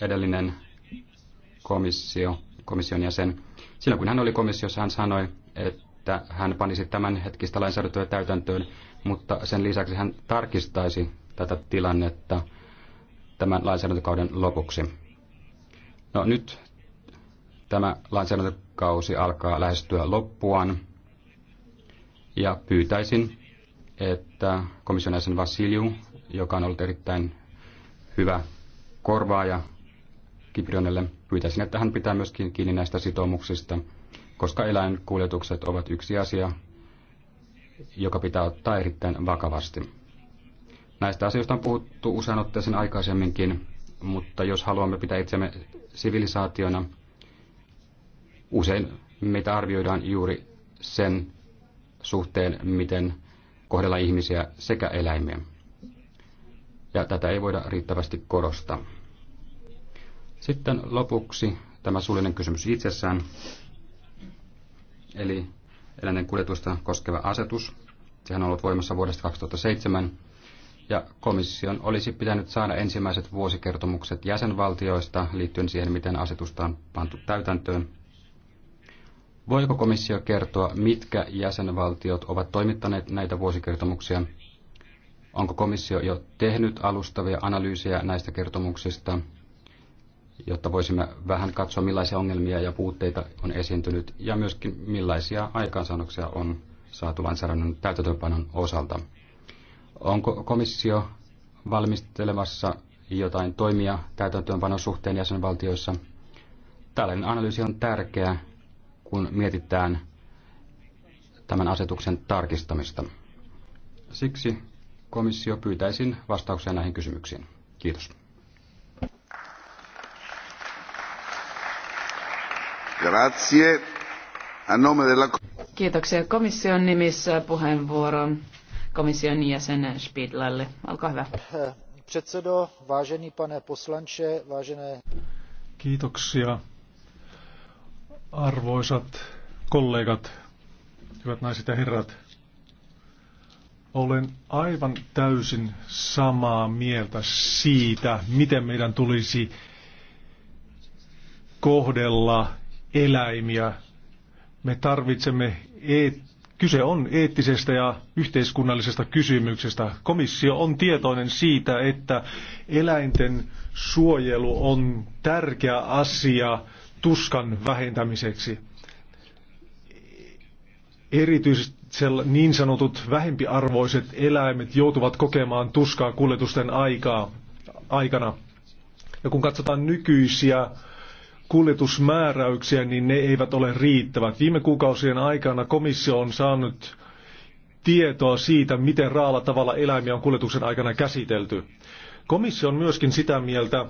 edellinen komissio, komission jäsen, silloin kun hän oli komissiossa, hän sanoi, että hän panisi tämän hetkistä lainsäädäntöä täytäntöön, mutta sen lisäksi hän tarkistaisi tätä tilannetta tämän lainsäädäntökauden lopuksi. No nyt tämä lainsäädäntökausi alkaa lähestyä loppuaan ja pyytäisin, että komission jäsen Vasilju, joka on ollut erittäin hyvä korvaaja Kiprionelle. Pyytäisin, että hän pitää myöskin kiinni näistä sitoumuksista, koska eläinkuljetukset ovat yksi asia, joka pitää ottaa erittäin vakavasti. Näistä asioista on puhuttu usein otteeseen aikaisemminkin, mutta jos haluamme pitää itsemme sivilisaationa, usein meitä arvioidaan juuri sen suhteen, miten kohdella ihmisiä sekä eläimiä. Ja tätä ei voida riittävästi korostaa. Sitten lopuksi tämä suullinen kysymys itsessään, eli eläinten kuljetusta koskeva asetus. Sehän on ollut voimassa vuodesta 2007, ja komission olisi pitänyt saada ensimmäiset vuosikertomukset jäsenvaltioista liittyen siihen, miten asetusta on pantu täytäntöön. Voiko komissio kertoa, mitkä jäsenvaltiot ovat toimittaneet näitä vuosikertomuksia? Onko komissio jo tehnyt alustavia analyysejä näistä kertomuksista jotta voisimme vähän katsoa, millaisia ongelmia ja puutteita on esiintynyt ja myöskin millaisia aikaansaannoksia on saatu lainsäädännön täytäntöönpanon osalta. Onko komissio valmistelemassa jotain toimia täytäntöönpanon suhteen jäsenvaltioissa? Tällainen analyysi on tärkeä, kun mietitään tämän asetuksen tarkistamista. Siksi komissio pyytäisin vastauksia näihin kysymyksiin. Kiitos. Grazie. Kiitoksia komission nimissä puheenvuoron komission jäsen Spidlalle. Olkaa hyvä. Předsedo, vážený pane poslanče, vážené... Kiitoksia. Arvoisat kollegat, hyvät naiset ja herrat, olen aivan täysin samaa mieltä siitä, miten meidän tulisi kohdella eläimiä. Me tarvitsemme, eet... kyse on eettisestä ja yhteiskunnallisesta kysymyksestä. Komissio on tietoinen siitä, että eläinten suojelu on tärkeä asia tuskan vähentämiseksi. Erityisesti niin sanotut vähempiarvoiset eläimet joutuvat kokemaan tuskaa kuljetusten aikaa, aikana. Ja kun katsotaan nykyisiä kuljetusmääräyksiä, niin ne eivät ole riittävät. Viime kuukausien aikana komissio on saanut tietoa siitä, miten raalla tavalla eläimiä on kuljetuksen aikana käsitelty. Komissio on myöskin sitä mieltä,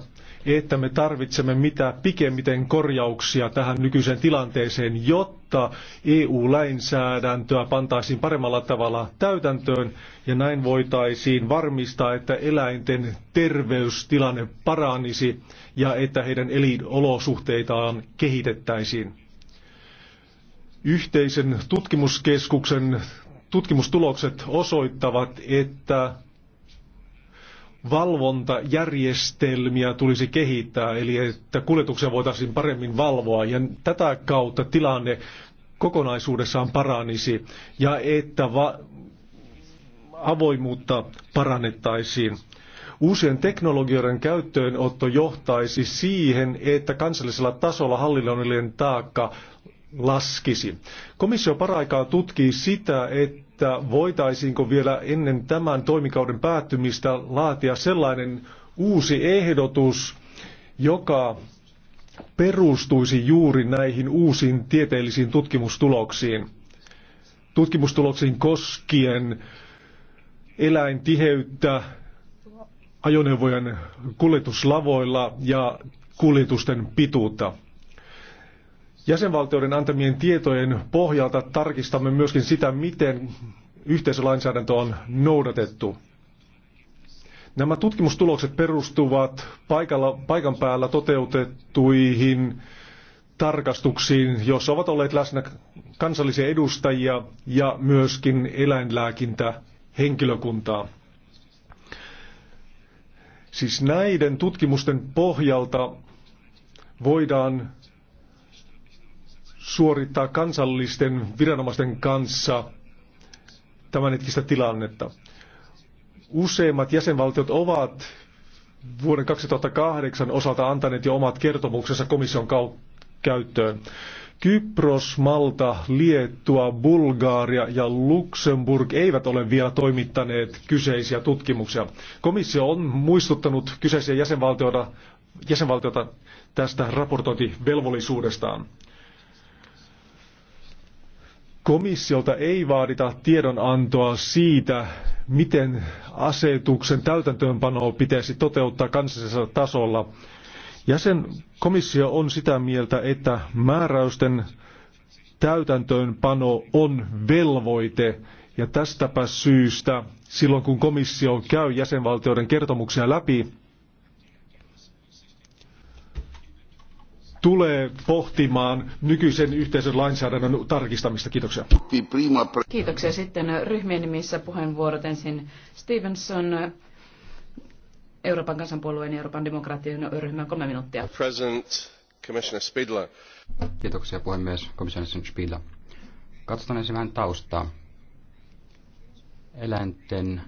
että me tarvitsemme mitä pikemmiten korjauksia tähän nykyiseen tilanteeseen, jotta EU-lainsäädäntöä pantaisiin paremmalla tavalla täytäntöön ja näin voitaisiin varmistaa, että eläinten terveystilanne paranisi ja että heidän elinolosuhteitaan kehitettäisiin. Yhteisen tutkimuskeskuksen tutkimustulokset osoittavat, että valvontajärjestelmiä tulisi kehittää, eli että kuljetuksia voitaisiin paremmin valvoa ja tätä kautta tilanne kokonaisuudessaan paranisi ja että avoimuutta parannettaisiin. Uusien teknologioiden käyttöönotto johtaisi siihen, että kansallisella tasolla hallinnollinen taakka laskisi. Komissio paraikaa tutkii sitä, että että voitaisiinko vielä ennen tämän toimikauden päättymistä laatia sellainen uusi ehdotus, joka perustuisi juuri näihin uusiin tieteellisiin tutkimustuloksiin. Tutkimustuloksiin koskien eläintiheyttä ajoneuvojen kuljetuslavoilla ja kuljetusten pituutta. Jäsenvaltioiden antamien tietojen pohjalta tarkistamme myöskin sitä, miten yhteisölainsäädäntö on noudatettu. Nämä tutkimustulokset perustuvat paikalla, paikan päällä toteutettuihin tarkastuksiin, joissa ovat olleet läsnä kansallisia edustajia ja myöskin eläinlääkintähenkilökuntaa. Siis näiden tutkimusten pohjalta voidaan suorittaa kansallisten viranomaisten kanssa tämän hetkistä tilannetta. Useimmat jäsenvaltiot ovat vuoden 2008 osalta antaneet jo omat kertomuksensa komission kau- käyttöön. Kypros, Malta, Liettua, Bulgaaria ja Luxemburg eivät ole vielä toimittaneet kyseisiä tutkimuksia. Komissio on muistuttanut kyseisiä jäsenvaltioita, jäsenvaltioita tästä raportointivelvollisuudestaan. Komissiolta ei vaadita tiedonantoa siitä, miten asetuksen täytäntöönpanoa pitäisi toteuttaa kansallisella tasolla. Jäsen komissio on sitä mieltä, että määräysten täytäntöönpano on velvoite ja tästäpä syystä silloin kun komissio käy jäsenvaltioiden kertomuksia läpi, tulee pohtimaan nykyisen yhteisön lainsäädännön tarkistamista. Kiitoksia. Kiitoksia. Sitten ryhmien nimissä puheenvuorot ensin Stevenson. Euroopan kansanpuolueen ja Euroopan demokraattien ryhmä kolme minuuttia. President, Commissioner Spidler, Kiitoksia puhemies, komissaari Spidla. Katsotaan ensin vähän taustaa. Eläinten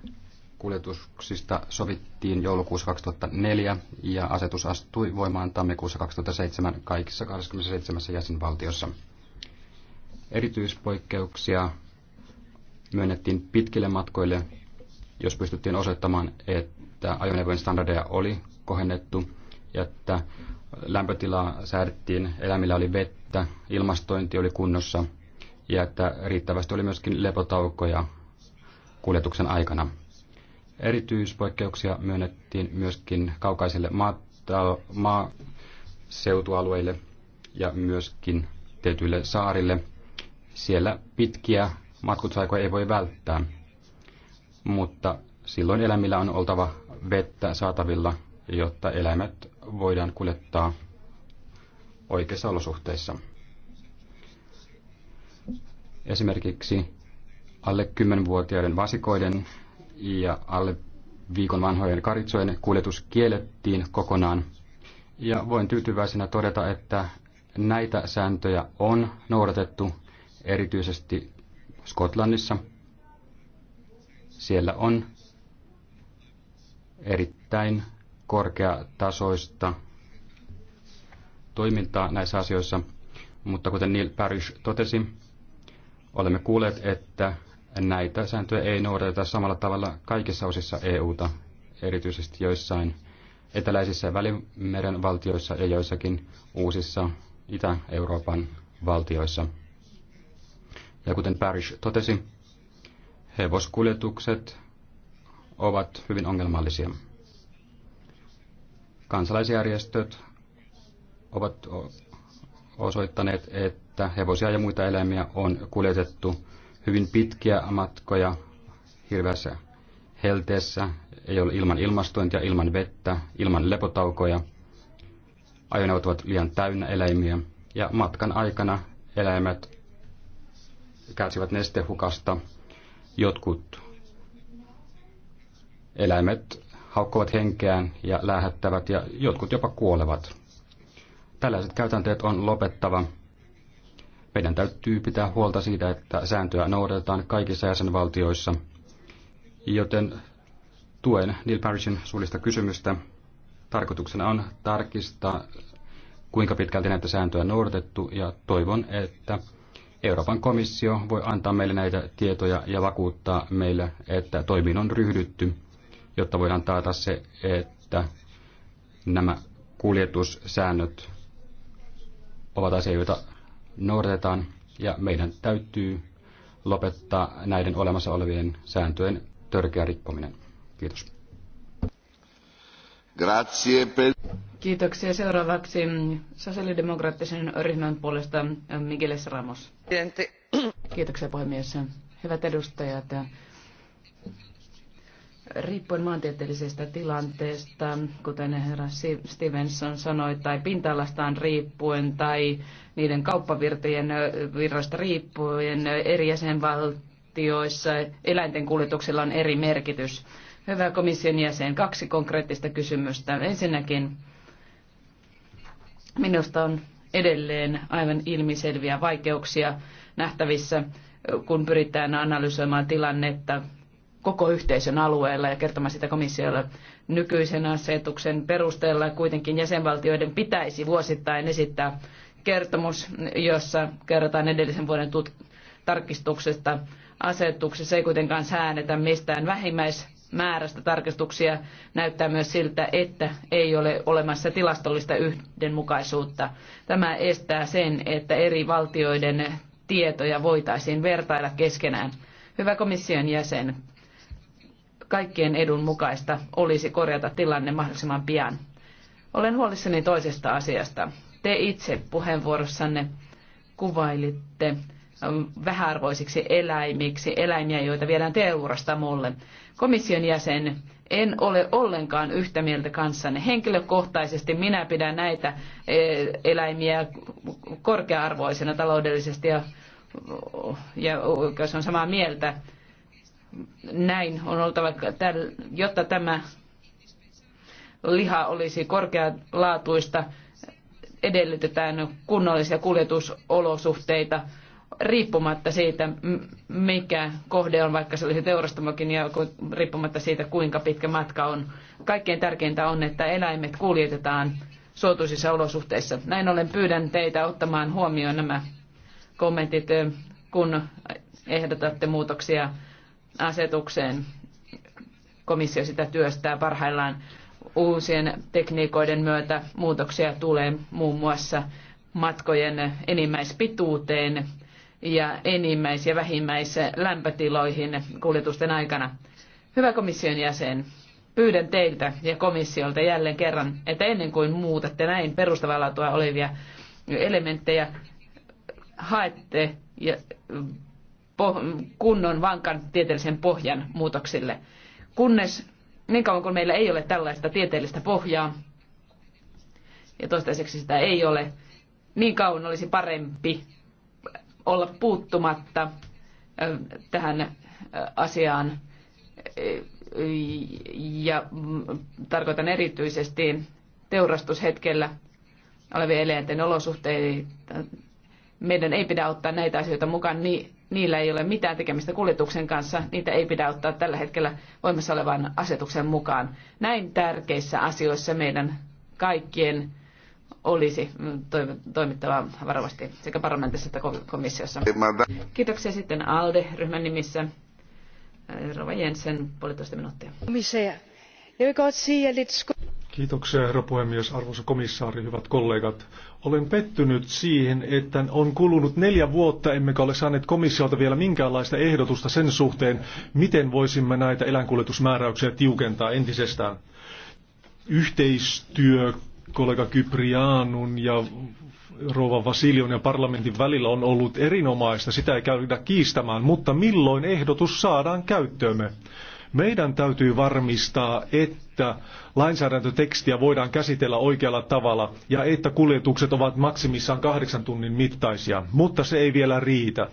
kuljetuksista sovittiin joulukuussa 2004 ja asetus astui voimaan tammikuussa 2007 kaikissa 27 jäsenvaltiossa. Erityispoikkeuksia myönnettiin pitkille matkoille, jos pystyttiin osoittamaan, että ajoneuvojen standardeja oli kohennettu ja että lämpötilaa säädettiin, elämillä oli vettä, ilmastointi oli kunnossa ja että riittävästi oli myöskin lepotaukoja kuljetuksen aikana. Erityispoikkeuksia myönnettiin myöskin kaukaisille maaseutualueille ja myöskin tietyille saarille. Siellä pitkiä matkustusaikoja ei voi välttää, mutta silloin eläimillä on oltava vettä saatavilla, jotta eläimet voidaan kuljettaa oikeissa olosuhteissa. Esimerkiksi alle 10-vuotiaiden vasikoiden ja alle viikon vanhojen karitsojen kuljetus kiellettiin kokonaan. Ja voin tyytyväisenä todeta, että näitä sääntöjä on noudatettu erityisesti Skotlannissa. Siellä on erittäin korkeatasoista toimintaa näissä asioissa, mutta kuten Neil Parrish totesi, olemme kuulleet, että näitä sääntöjä ei noudateta samalla tavalla kaikissa osissa EUta, erityisesti joissain eteläisissä Välimeren valtioissa ja joissakin uusissa Itä-Euroopan valtioissa. Ja kuten Parrish totesi, hevoskuljetukset ovat hyvin ongelmallisia. Kansalaisjärjestöt ovat osoittaneet, että hevosia ja muita eläimiä on kuljetettu hyvin pitkiä matkoja hirveässä helteessä, ei ole ilman ilmastointia, ilman vettä, ilman lepotaukoja. Ajoneuvot ovat liian täynnä eläimiä ja matkan aikana eläimet kärsivät nestehukasta. Jotkut eläimet haukkovat henkeään ja lähettävät ja jotkut jopa kuolevat. Tällaiset käytänteet on lopettava meidän täytyy pitää huolta siitä, että sääntöä noudatetaan kaikissa jäsenvaltioissa, joten tuen Neil Parishin suullista kysymystä. Tarkoituksena on tarkistaa, kuinka pitkälti näitä sääntöjä on noudatettu ja toivon, että Euroopan komissio voi antaa meille näitä tietoja ja vakuuttaa meille, että toimiin on ryhdytty, jotta voidaan taata se, että nämä kuljetussäännöt ovat asioita, noudatetaan ja meidän täytyy lopettaa näiden olemassa olevien sääntöjen törkeä rikkominen. Kiitos. Grazie per... Kiitoksia. Seuraavaksi sosiaalidemokraattisen ryhmän puolesta Migueles Ramos. Kiitoksia puhemies. Hyvät edustajat riippuen maantieteellisestä tilanteesta, kuten herra Stevenson sanoi, tai pinta-alastaan riippuen tai niiden kauppavirtojen virrasta riippuen eri jäsenvaltioissa eläinten kuljetuksilla on eri merkitys. Hyvä komission jäsen, kaksi konkreettista kysymystä. Ensinnäkin minusta on edelleen aivan ilmiselviä vaikeuksia nähtävissä, kun pyritään analysoimaan tilannetta koko yhteisön alueella ja kertomaan sitä komissiolle nykyisen asetuksen perusteella. Kuitenkin jäsenvaltioiden pitäisi vuosittain esittää kertomus, jossa kerrotaan edellisen vuoden tut- tarkistuksesta. Asetuksessa ei kuitenkaan säännetä mistään vähimmäismäärästä tarkistuksia. Näyttää myös siltä, että ei ole olemassa tilastollista yhdenmukaisuutta. Tämä estää sen, että eri valtioiden tietoja voitaisiin vertailla keskenään. Hyvä komission jäsen, kaikkien edun mukaista olisi korjata tilanne mahdollisimman pian. Olen huolissani toisesta asiasta. Te itse puheenvuorossanne kuvailitte ähm, vähäarvoisiksi eläimiksi, eläimiä, joita viedään teurastamolle. Komission jäsen, en ole ollenkaan yhtä mieltä kanssanne. Henkilökohtaisesti minä pidän näitä e, eläimiä korkea-arvoisena taloudellisesti ja, ja oikeus on samaa mieltä näin on oltava, jotta tämä liha olisi korkealaatuista, edellytetään kunnollisia kuljetusolosuhteita riippumatta siitä, mikä kohde on, vaikka se olisi teurastamokin, ja riippumatta siitä, kuinka pitkä matka on. Kaikkein tärkeintä on, että eläimet kuljetetaan suotuisissa olosuhteissa. Näin ollen pyydän teitä ottamaan huomioon nämä kommentit, kun ehdotatte muutoksia asetukseen. Komissio sitä työstää parhaillaan uusien tekniikoiden myötä. Muutoksia tulee muun muassa matkojen enimmäispituuteen ja enimmäis- ja vähimmäislämpötiloihin kuljetusten aikana. Hyvä komission jäsen, pyydän teiltä ja komissiolta jälleen kerran, että ennen kuin muutatte näin perustavalla olevia elementtejä, haette ja kunnon vankan tieteellisen pohjan muutoksille. Kunnes niin kauan kuin meillä ei ole tällaista tieteellistä pohjaa, ja toistaiseksi sitä ei ole, niin kauan olisi parempi olla puuttumatta tähän asiaan. Ja mm, tarkoitan erityisesti teurastushetkellä olevien eläinten olosuhteita. Meidän ei pidä ottaa näitä asioita mukaan niin niillä ei ole mitään tekemistä kuljetuksen kanssa. Niitä ei pidä ottaa tällä hetkellä voimassa olevan asetuksen mukaan. Näin tärkeissä asioissa meidän kaikkien olisi mm, toimittava varovasti sekä parlamentissa että komissiossa. Kiitoksia sitten ALDE-ryhmän nimissä. Rova Jensen, puolitoista minuuttia. Kiitoksia, herra puhemies, arvoisa komissaari, hyvät kollegat. Olen pettynyt siihen, että on kulunut neljä vuotta, emmekä ole saaneet komissiolta vielä minkäänlaista ehdotusta sen suhteen, miten voisimme näitä eläinkuljetusmääräyksiä tiukentaa entisestään. Yhteistyö kollega Kyprianun ja rouva Vasilion ja parlamentin välillä on ollut erinomaista, sitä ei käydä kiistämään, mutta milloin ehdotus saadaan käyttöömme? Meidän täytyy varmistaa, että että lainsäädäntötekstiä voidaan käsitellä oikealla tavalla ja että kuljetukset ovat maksimissaan kahdeksan tunnin mittaisia, mutta se ei vielä riitä.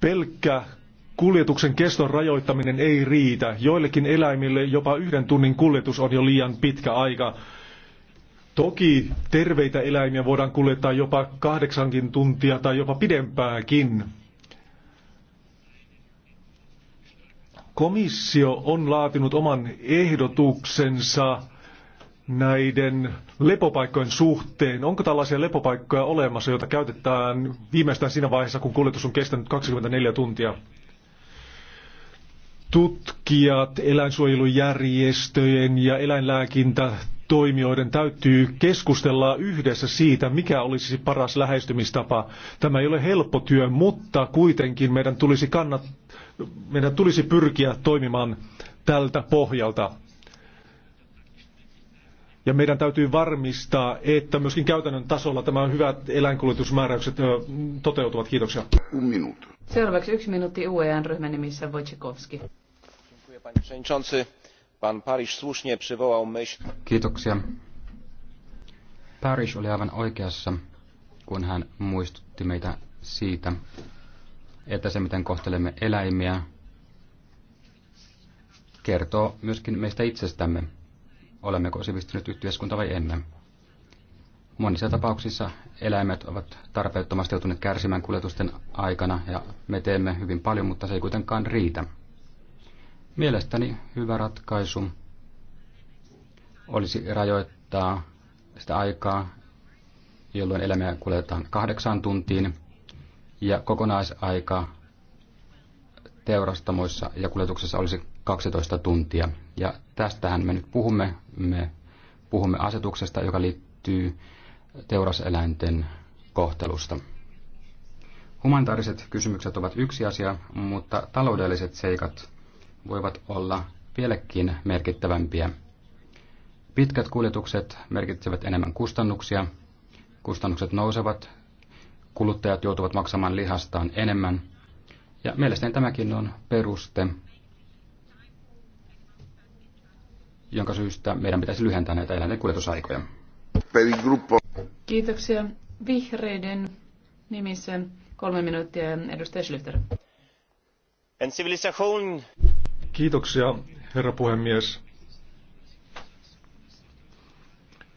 Pelkkä kuljetuksen keston rajoittaminen ei riitä. Joillekin eläimille jopa yhden tunnin kuljetus on jo liian pitkä aika. Toki terveitä eläimiä voidaan kuljettaa jopa kahdeksankin tuntia tai jopa pidempäänkin. Komissio on laatinut oman ehdotuksensa näiden lepopaikkojen suhteen? Onko tällaisia lepopaikkoja olemassa, joita käytetään viimeistään siinä vaiheessa, kun kuljetus on kestänyt 24 tuntia? Tutkijat, eläinsuojelujärjestöjen ja eläinlääkintä toimijoiden täytyy keskustella yhdessä siitä, mikä olisi paras lähestymistapa. Tämä ei ole helppo työ, mutta kuitenkin meidän tulisi kannattaa meidän tulisi pyrkiä toimimaan tältä pohjalta. Ja meidän täytyy varmistaa, että myöskin käytännön tasolla tämä hyvät eläinkuljetusmääräykset toteutuvat. Kiitoksia. Minuutti. Seuraavaksi yksi minuutti UEN-ryhmän nimissä Wojciechowski. Kiitoksia. Parish oli aivan oikeassa, kun hän muistutti meitä siitä, että se miten kohtelemme eläimiä kertoo myöskin meistä itsestämme, olemmeko sivistynyt yhteiskunta vai ennen. Monissa tapauksissa eläimet ovat tarpeettomasti joutuneet kärsimään kuljetusten aikana ja me teemme hyvin paljon, mutta se ei kuitenkaan riitä. Mielestäni hyvä ratkaisu olisi rajoittaa sitä aikaa, jolloin eläimiä kuljetetaan kahdeksaan tuntiin ja kokonaisaika teurastamoissa ja kuljetuksessa olisi 12 tuntia. Ja tästähän me nyt puhumme. Me puhumme asetuksesta, joka liittyy teuraseläinten kohtelusta. Humanitaariset kysymykset ovat yksi asia, mutta taloudelliset seikat voivat olla vieläkin merkittävämpiä. Pitkät kuljetukset merkitsevät enemmän kustannuksia. Kustannukset nousevat kuluttajat joutuvat maksamaan lihastaan enemmän. Ja mielestäni tämäkin on peruste, jonka syystä meidän pitäisi lyhentää näitä eläinten kuljetusaikoja. Kiitoksia. Vihreiden nimissä kolme minuuttia edustaja Schlüter. En Kiitoksia, herra puhemies.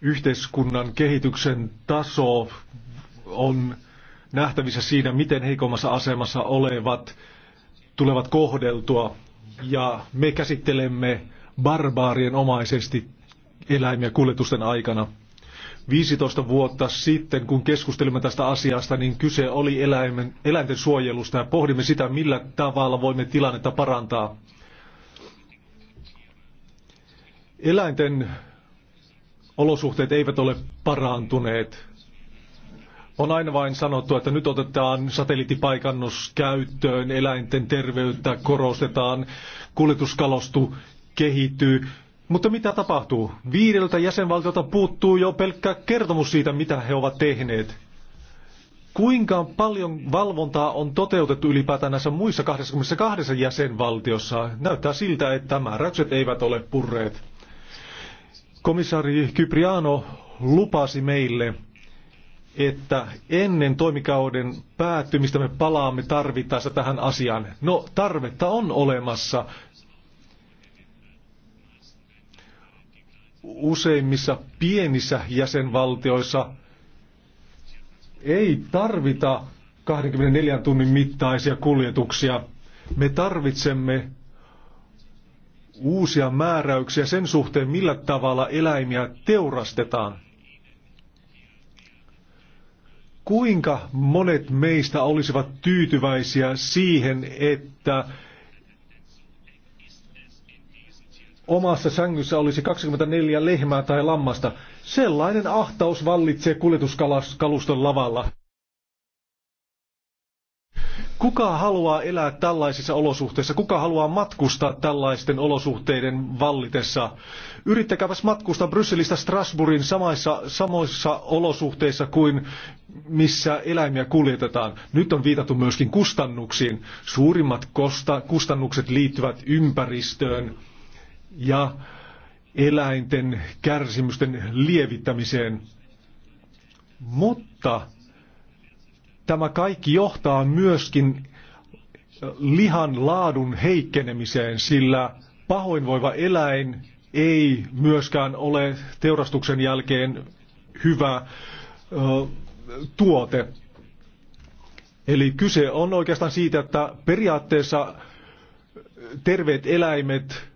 Yhteiskunnan kehityksen taso on nähtävissä siinä, miten heikommassa asemassa olevat tulevat kohdeltua. Ja me käsittelemme barbaarien omaisesti eläimiä kuljetusten aikana. 15 vuotta sitten, kun keskustelimme tästä asiasta, niin kyse oli eläimen, eläinten suojelusta ja pohdimme sitä, millä tavalla voimme tilannetta parantaa. Eläinten olosuhteet eivät ole parantuneet. On aina vain sanottu, että nyt otetaan satelliittipaikannus käyttöön, eläinten terveyttä korostetaan, kuljetuskalostu kehittyy. Mutta mitä tapahtuu? Viideltä jäsenvaltiolta puuttuu jo pelkkä kertomus siitä, mitä he ovat tehneet. Kuinka paljon valvontaa on toteutettu ylipäätään näissä muissa 22 jäsenvaltiossa? Näyttää siltä, että määräykset eivät ole purreet. Komissaari Kypriano lupasi meille, että ennen toimikauden päättymistä me palaamme tarvittaessa tähän asiaan. No, tarvetta on olemassa. Useimmissa pienissä jäsenvaltioissa ei tarvita 24 tunnin mittaisia kuljetuksia. Me tarvitsemme uusia määräyksiä sen suhteen, millä tavalla eläimiä teurastetaan kuinka monet meistä olisivat tyytyväisiä siihen, että omassa sängyssä olisi 24 lehmää tai lammasta. Sellainen ahtaus vallitsee kuljetuskaluston lavalla. Kuka haluaa elää tällaisissa olosuhteissa? Kuka haluaa matkustaa tällaisten olosuhteiden vallitessa? Yrittäkääpäs matkustaa Brysselistä Strasbourgin samoissa, samoissa olosuhteissa kuin missä eläimiä kuljetetaan. Nyt on viitattu myöskin kustannuksiin. Suurimmat kosta, kustannukset liittyvät ympäristöön ja eläinten kärsimysten lievittämiseen. Mutta Tämä kaikki johtaa myöskin lihan laadun heikkenemiseen, sillä pahoinvoiva eläin ei myöskään ole teurastuksen jälkeen hyvä ö, tuote. Eli kyse on oikeastaan siitä, että periaatteessa terveet eläimet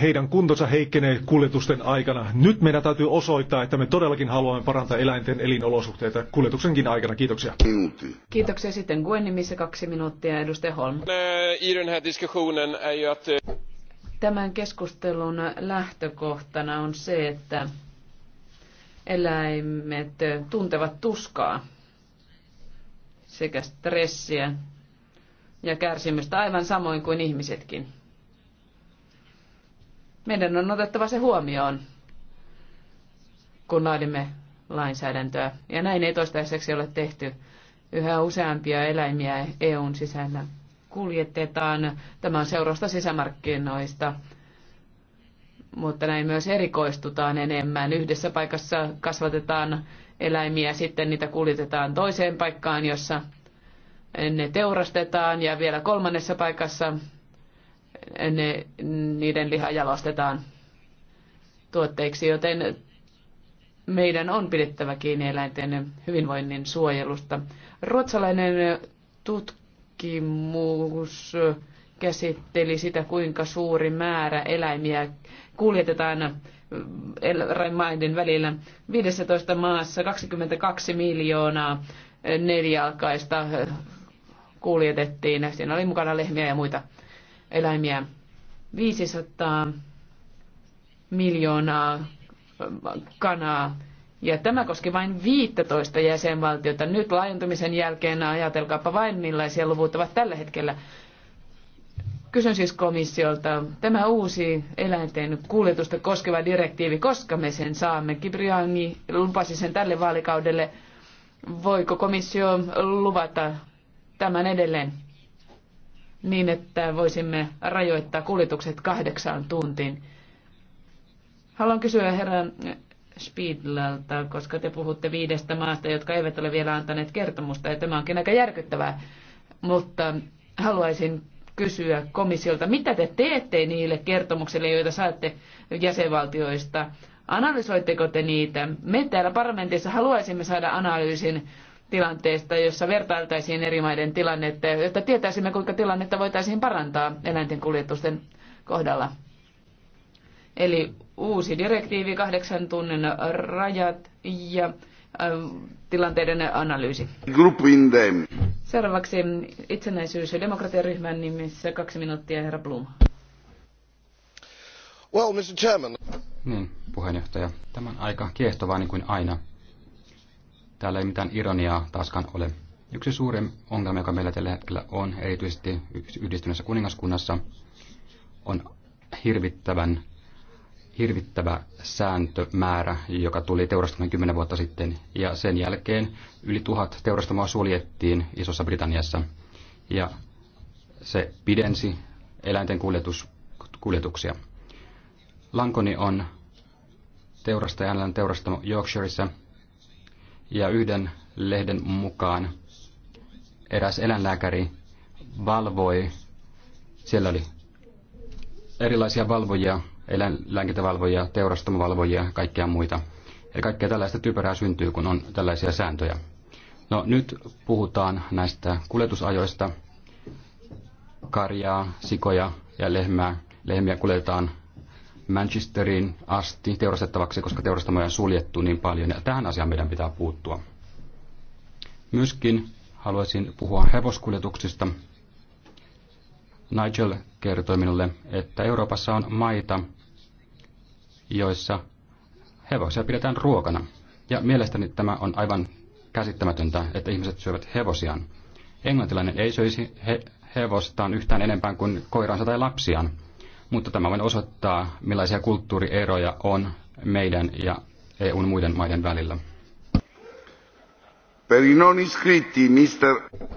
heidän kuntonsa heikkenee kuljetusten aikana. Nyt meidän täytyy osoittaa, että me todellakin haluamme parantaa eläinten elinolosuhteita kuljetuksenkin aikana. Kiitoksia. Kiitoksia sitten Gwen nimissä kaksi minuuttia. Edustaja Holm. Eh, eh, Tämän keskustelun lähtökohtana on se, että eläimet tuntevat tuskaa sekä stressiä ja kärsimystä aivan samoin kuin ihmisetkin meidän on otettava se huomioon, kun laadimme lainsäädäntöä. Ja näin ei toistaiseksi ole tehty. Yhä useampia eläimiä EUn sisällä kuljetetaan. Tämä on sisämarkkinoista. Mutta näin myös erikoistutaan enemmän. Yhdessä paikassa kasvatetaan eläimiä, sitten niitä kuljetetaan toiseen paikkaan, jossa ne teurastetaan ja vielä kolmannessa paikassa ne, niiden liha jalostetaan tuotteiksi, joten meidän on pidettävä kiinni eläinten hyvinvoinnin suojelusta. Ruotsalainen tutkimus käsitteli sitä, kuinka suuri määrä eläimiä kuljetetaan maiden välillä. 15 maassa 22 miljoonaa nelialkaista kuljetettiin. Siinä oli mukana lehmiä ja muita eläimiä. 500 miljoonaa äh, kanaa. Ja tämä koski vain 15 jäsenvaltiota. Nyt laajentumisen jälkeen ajatelkaapa vain, millaisia luvut ovat tällä hetkellä. Kysyn siis komissiolta, tämä uusi eläinten kuljetusta koskeva direktiivi, koska me sen saamme? Kibriangi lupasi sen tälle vaalikaudelle. Voiko komissio luvata tämän edelleen? niin, että voisimme rajoittaa kuljetukset kahdeksaan tuntiin. Haluan kysyä herran Spiedlalta, koska te puhutte viidestä maasta, jotka eivät ole vielä antaneet kertomusta, ja tämä onkin aika järkyttävää. Mutta haluaisin kysyä komissiolta, mitä te teette niille kertomuksille, joita saatte jäsenvaltioista? Analysoitteko te niitä? Me täällä parlamentissa haluaisimme saada analyysin tilanteesta, jossa vertailtaisiin eri maiden tilannetta, jotta tietäisimme, kuinka tilannetta voitaisiin parantaa eläinten kuljetusten kohdalla. Eli uusi direktiivi, kahdeksan tunnin rajat ja äh, tilanteiden analyysi. Seuraavaksi itsenäisyys- ja demokratiaryhmän nimissä kaksi minuuttia, herra Blum. Well, Mr. Chairman. Niin, puheenjohtaja. Tämä on aika kiehtovaa niin kuin aina. Täällä ei mitään ironiaa taaskaan ole. Yksi suurin ongelma, joka meillä tällä hetkellä on, erityisesti yhdistyneessä kuningaskunnassa, on hirvittävän, hirvittävä sääntömäärä, joka tuli teurastamaan kymmenen vuotta sitten. Ja sen jälkeen yli tuhat teurastamoa suljettiin Isossa Britanniassa. Ja se pidensi eläinten kuljetus, kuljetuksia. Lankoni on teurastajan teurastamo Yorkshireissa, ja yhden lehden mukaan eräs eläinlääkäri valvoi, siellä oli erilaisia valvojia, eläinlääkintävalvojia, teurastamovalvojia ja kaikkia muita. Eli kaikkea tällaista typerää syntyy, kun on tällaisia sääntöjä. No nyt puhutaan näistä kuljetusajoista. Karjaa, sikoja ja lehmää, lehmiä kuljetetaan Manchesteriin asti teurastettavaksi, koska teurastamoja on suljettu niin paljon. Ja tähän asiaan meidän pitää puuttua. Myöskin haluaisin puhua hevoskuljetuksista. Nigel kertoi minulle, että Euroopassa on maita, joissa hevosia pidetään ruokana. Ja mielestäni tämä on aivan käsittämätöntä, että ihmiset syövät hevosiaan. Englantilainen ei söisi he- hevostaan yhtään enempää kuin koiransa tai lapsiaan mutta tämä vain osoittaa, millaisia kulttuurieroja on meidän ja EUn muiden maiden välillä. Per i non iscritti, mister...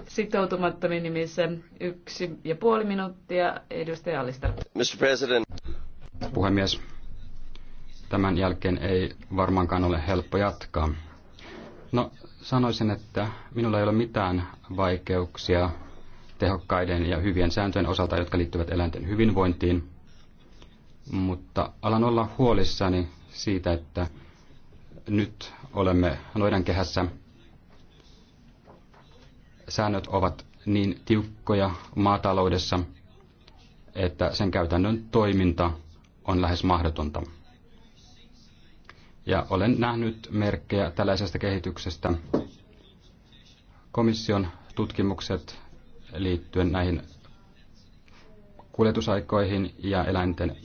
Sitoutumattomin nimissä yksi ja puoli minuuttia, edustaja Alistar. Mr. President. Puhemies, tämän jälkeen ei varmaankaan ole helppo jatkaa. No, sanoisin, että minulla ei ole mitään vaikeuksia tehokkaiden ja hyvien sääntöjen osalta, jotka liittyvät eläinten hyvinvointiin mutta alan olla huolissani siitä, että nyt olemme noidan kehässä. Säännöt ovat niin tiukkoja maataloudessa, että sen käytännön toiminta on lähes mahdotonta. Ja olen nähnyt merkkejä tällaisesta kehityksestä. Komission tutkimukset liittyen näihin kuljetusaikoihin ja eläinten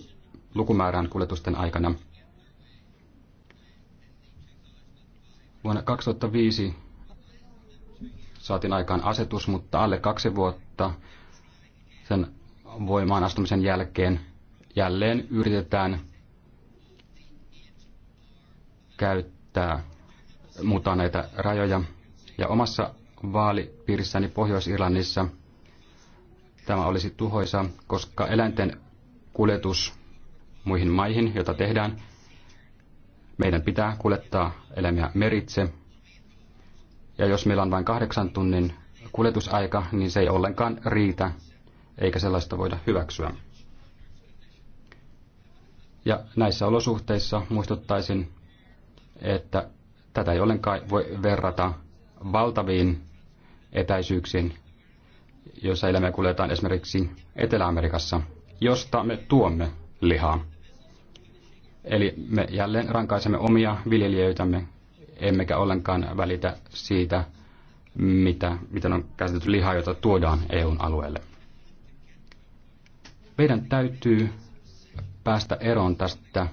lukumäärään kuljetusten aikana. Vuonna 2005 saatiin aikaan asetus, mutta alle kaksi vuotta sen voimaan astumisen jälkeen jälleen yritetään käyttää, muuta näitä rajoja. Ja omassa vaalipiirissäni Pohjois-Irlannissa tämä olisi tuhoisa, koska eläinten kuljetus muihin maihin, joita tehdään. Meidän pitää kuljettaa eläimiä meritse. Ja jos meillä on vain kahdeksan tunnin kuljetusaika, niin se ei ollenkaan riitä, eikä sellaista voida hyväksyä. Ja näissä olosuhteissa muistuttaisin, että tätä ei ollenkaan voi verrata valtaviin etäisyyksiin, joissa eläimiä kuljetaan esimerkiksi Etelä-Amerikassa, josta me tuomme lihaa. Eli me jälleen rankaisemme omia viljelijöitämme, emmekä ollenkaan välitä siitä, mitä, miten on käsitelty lihaa, jota tuodaan EUn alueelle. Meidän täytyy päästä eroon tästä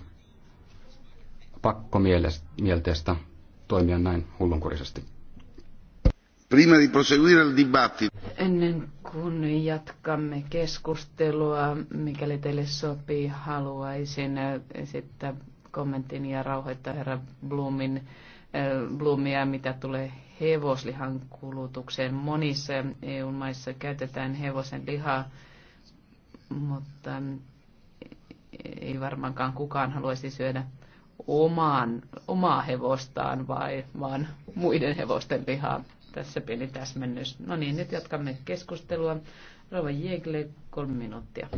pakkomielteestä toimia näin hullunkurisesti. Prima di proseguire il dibattito. Ennen kuin jatkamme keskustelua, mikäli teille sopii, haluaisin eh, esittää kommentin ja rauhoittaa herra Blumin, eh, Blumia, mitä tulee hevoslihan kulutukseen. Monissa EU-maissa käytetään hevosen lihaa, mutta ei varmaankaan kukaan haluaisi syödä omaan, omaa hevostaan, vai, vaan muiden hevosten lihaa. Tässä pieni täsmennys. No niin, nyt jatkamme keskustelua. Rova Jägle, kolme minuuttia.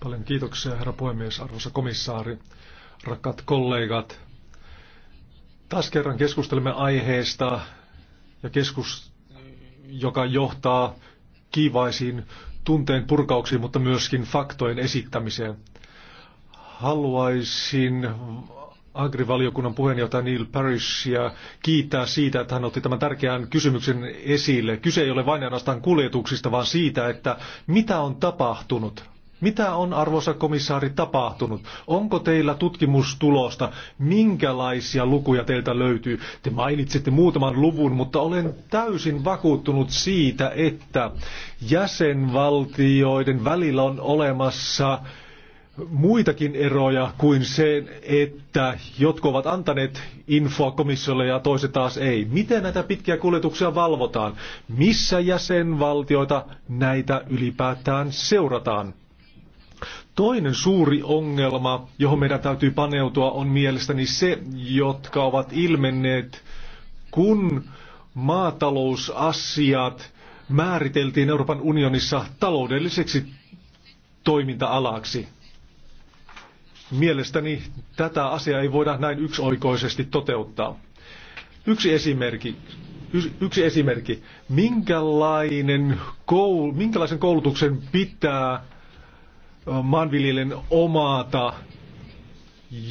Paljon kiitoksia, herra puhemies, arvoisa komissaari, rakkaat kollegat. Taas kerran keskustelemme aiheesta, ja keskus, joka johtaa kiivaisiin tunteen purkauksiin, mutta myöskin faktojen esittämiseen. Haluaisin agrivaliokunnan puheenjohtaja Neil ja kiittää siitä, että hän otti tämän tärkeän kysymyksen esille. Kyse ei ole vain ainoastaan kuljetuksista, vaan siitä, että mitä on tapahtunut. Mitä on, arvoisa komissaari, tapahtunut? Onko teillä tutkimustulosta? Minkälaisia lukuja teiltä löytyy? Te mainitsitte muutaman luvun, mutta olen täysin vakuuttunut siitä, että jäsenvaltioiden välillä on olemassa muitakin eroja kuin se, että jotkut ovat antaneet infoa komissiolle ja toiset taas ei. Miten näitä pitkiä kuljetuksia valvotaan? Missä jäsenvaltioita näitä ylipäätään seurataan? Toinen suuri ongelma, johon meidän täytyy paneutua, on mielestäni se, jotka ovat ilmenneet, kun maatalousasiat määriteltiin Euroopan unionissa taloudelliseksi toiminta-alaksi. Mielestäni tätä asiaa ei voida näin yksioikoisesti toteuttaa. Yksi esimerkki. Yksi esimerkki. Minkälainen koul, minkälaisen koulutuksen pitää maanviljelijän omata,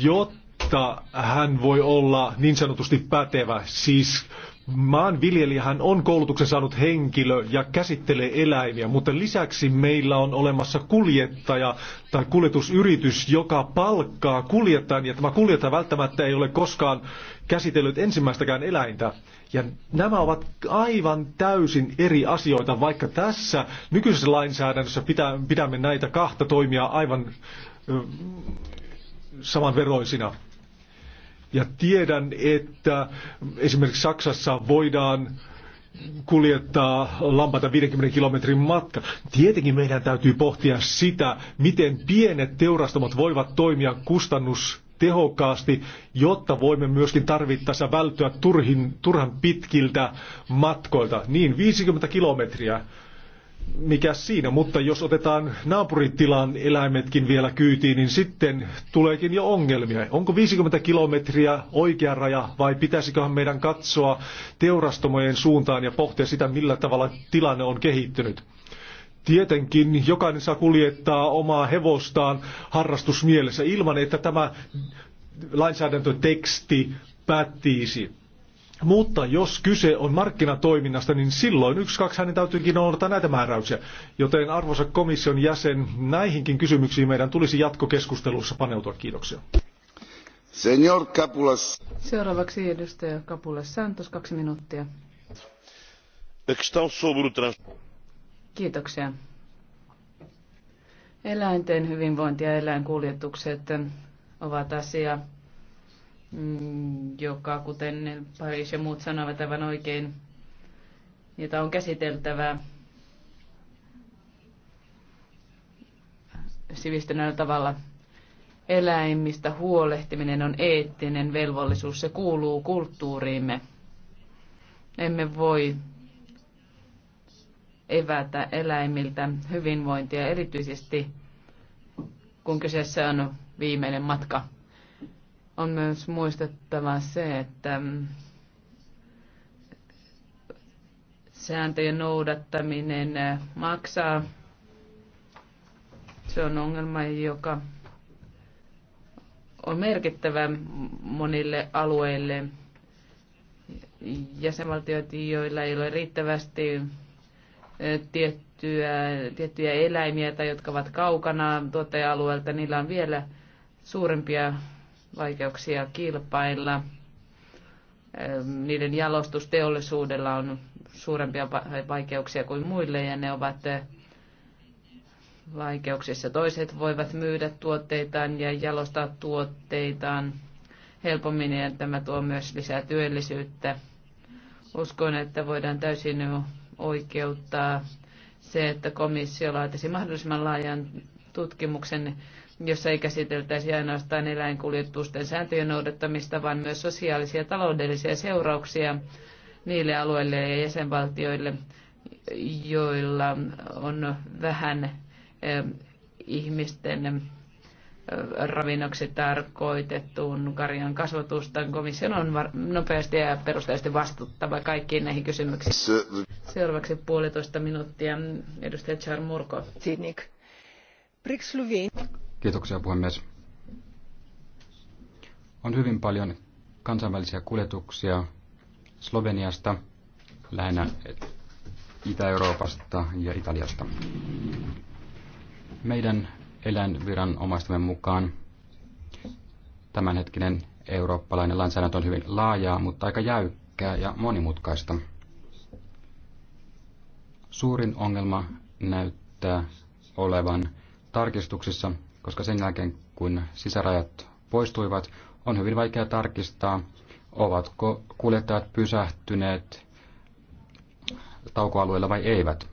jotta hän voi olla niin sanotusti pätevä, siis Maanviljelijähän on koulutuksen saanut henkilö ja käsittelee eläimiä, mutta lisäksi meillä on olemassa kuljettaja tai kuljetusyritys, joka palkkaa kuljettajan, ja tämä kuljettaja välttämättä ei ole koskaan käsitellyt ensimmäistäkään eläintä. Ja nämä ovat aivan täysin eri asioita, vaikka tässä nykyisessä lainsäädännössä pitää, pidämme näitä kahta toimia aivan ö, samanveroisina. Ja tiedän, että esimerkiksi Saksassa voidaan kuljettaa lampata 50 kilometrin matka. Tietenkin meidän täytyy pohtia sitä, miten pienet teurastamot voivat toimia kustannus tehokkaasti, jotta voimme myöskin tarvittaessa välttyä turhin, turhan pitkiltä matkoilta. Niin, 50 kilometriä mikä siinä, mutta jos otetaan naapuritilan eläimetkin vielä kyytiin, niin sitten tuleekin jo ongelmia. Onko 50 kilometriä oikea raja vai pitäisiköhän meidän katsoa teurastamojen suuntaan ja pohtia sitä, millä tavalla tilanne on kehittynyt? Tietenkin jokainen saa kuljettaa omaa hevostaan harrastusmielessä ilman, että tämä lainsäädäntöteksti päättiisi. Mutta jos kyse on markkinatoiminnasta, niin silloin yksi kaksi hänen täytyykin noudattaa näitä määräyksiä. Joten arvoisa komission jäsen, näihinkin kysymyksiin meidän tulisi jatkokeskustelussa paneutua. Kiitoksia. Senor Capulas. Seuraavaksi edustaja Capulas Santos, kaksi minuuttia. Kiitoksia. Eläinten hyvinvointi ja eläinkuljetukset ovat asia, Mm, joka, kuten Paris ja muut sanovat aivan oikein, jota on käsiteltävä sivistyneellä tavalla. Eläimistä huolehtiminen on eettinen velvollisuus, se kuuluu kulttuuriimme. Emme voi evätä eläimiltä hyvinvointia, erityisesti kun kyseessä on viimeinen matka on myös muistettava se, että sääntöjen noudattaminen maksaa. Se on ongelma, joka on merkittävä monille alueille. Jäsenvaltioita, joilla ei ole riittävästi tiettyä, tiettyjä eläimiä tai jotka ovat kaukana tuottaja-alueelta, niillä on vielä suurempia vaikeuksia kilpailla. Niiden jalostusteollisuudella on suurempia vaikeuksia kuin muille ja ne ovat eh, vaikeuksissa. Toiset voivat myydä tuotteitaan ja jalostaa tuotteitaan helpommin ja tämä tuo myös lisää työllisyyttä. Uskon, että voidaan täysin oikeuttaa se, että komissio laatisi mahdollisimman laajan tutkimuksen jossa ei käsiteltäisi ainoastaan eläinkuljetusten sääntöjen noudattamista, vaan myös sosiaalisia ja taloudellisia seurauksia niille alueille ja jäsenvaltioille, joilla on vähän eh, ihmisten eh, ravinnoksi tarkoitettuun karjan kasvatusta. Komission on nopeasti ja perusteellisesti vastuttava kaikkiin näihin kysymyksiin. Seuraavaksi puolitoista minuuttia. Edustaja Charmurko. Tidnik. Kiitoksia puhemies. On hyvin paljon kansainvälisiä kuljetuksia Sloveniasta, lähinnä Itä-Euroopasta ja Italiasta. Meidän eläinviranomaistamme mukaan tämänhetkinen eurooppalainen lainsäädäntö on hyvin laajaa, mutta aika jäykkää ja monimutkaista. Suurin ongelma näyttää olevan tarkistuksissa, koska sen jälkeen kun sisärajat poistuivat, on hyvin vaikea tarkistaa, ovatko kuljettajat pysähtyneet taukoalueella vai eivät.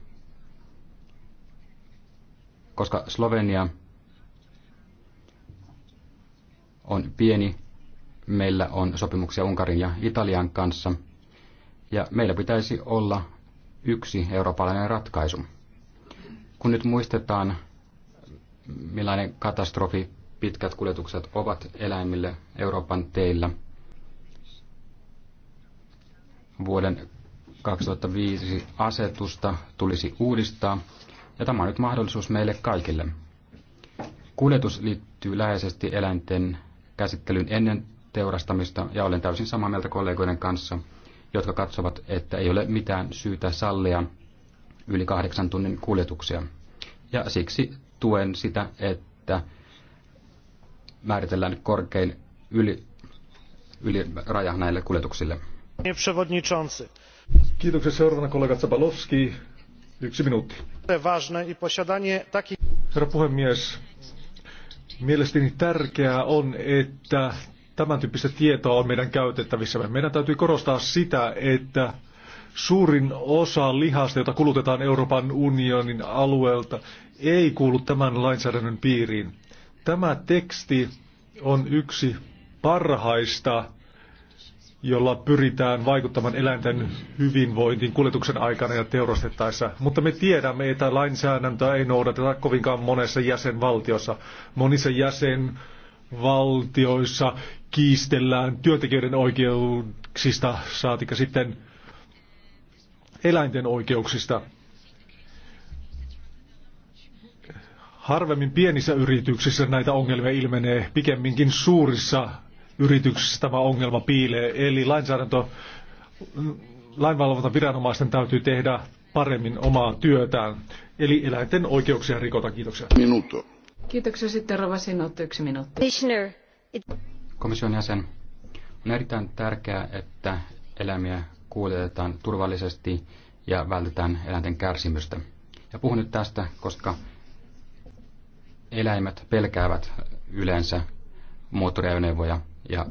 Koska Slovenia on pieni, meillä on sopimuksia Unkarin ja Italian kanssa, ja meillä pitäisi olla yksi eurooppalainen ratkaisu. Kun nyt muistetaan millainen katastrofi pitkät kuljetukset ovat eläimille Euroopan teillä. Vuoden 2005 asetusta tulisi uudistaa, ja tämä on nyt mahdollisuus meille kaikille. Kuljetus liittyy läheisesti eläinten käsittelyyn ennen teurastamista, ja olen täysin samaa mieltä kollegoiden kanssa, jotka katsovat, että ei ole mitään syytä sallia yli kahdeksan tunnin kuljetuksia. Ja siksi tuen sitä, että määritellään korkein yli, yli raja näille kuljetuksille. Kiitoksia seuraavana kollega Zabalowski. Yksi minuutti. Herra puhemies, mielestäni tärkeää on, että tämän tyyppistä tietoa on meidän käytettävissä. Meidän täytyy korostaa sitä, että Suurin osa lihasta, jota kulutetaan Euroopan unionin alueelta, ei kuulu tämän lainsäädännön piiriin. Tämä teksti on yksi parhaista, jolla pyritään vaikuttamaan eläinten hyvinvointiin kuljetuksen aikana ja teurastettaessa. Mutta me tiedämme, että lainsäädäntöä ei noudateta kovinkaan monessa jäsenvaltiossa. Monissa jäsenvaltioissa kiistellään työntekijöiden oikeuksista, saatika sitten eläinten oikeuksista. Harvemmin pienissä yrityksissä näitä ongelmia ilmenee, pikemminkin suurissa yrityksissä tämä ongelma piilee. Eli lainsäädäntö, lainvalvontaviranomaisten täytyy tehdä paremmin omaa työtään. Eli eläinten oikeuksia rikota. Kiitoksia. Minuutto. Kiitoksia sitten Rova Sinotto, yksi minuutti. Komission jäsen, on erittäin tärkeää, että eläimiä kuljetetaan turvallisesti ja vältetään eläinten kärsimystä. Ja puhun nyt tästä, koska eläimet pelkäävät yleensä moottoriajoneuvoja ja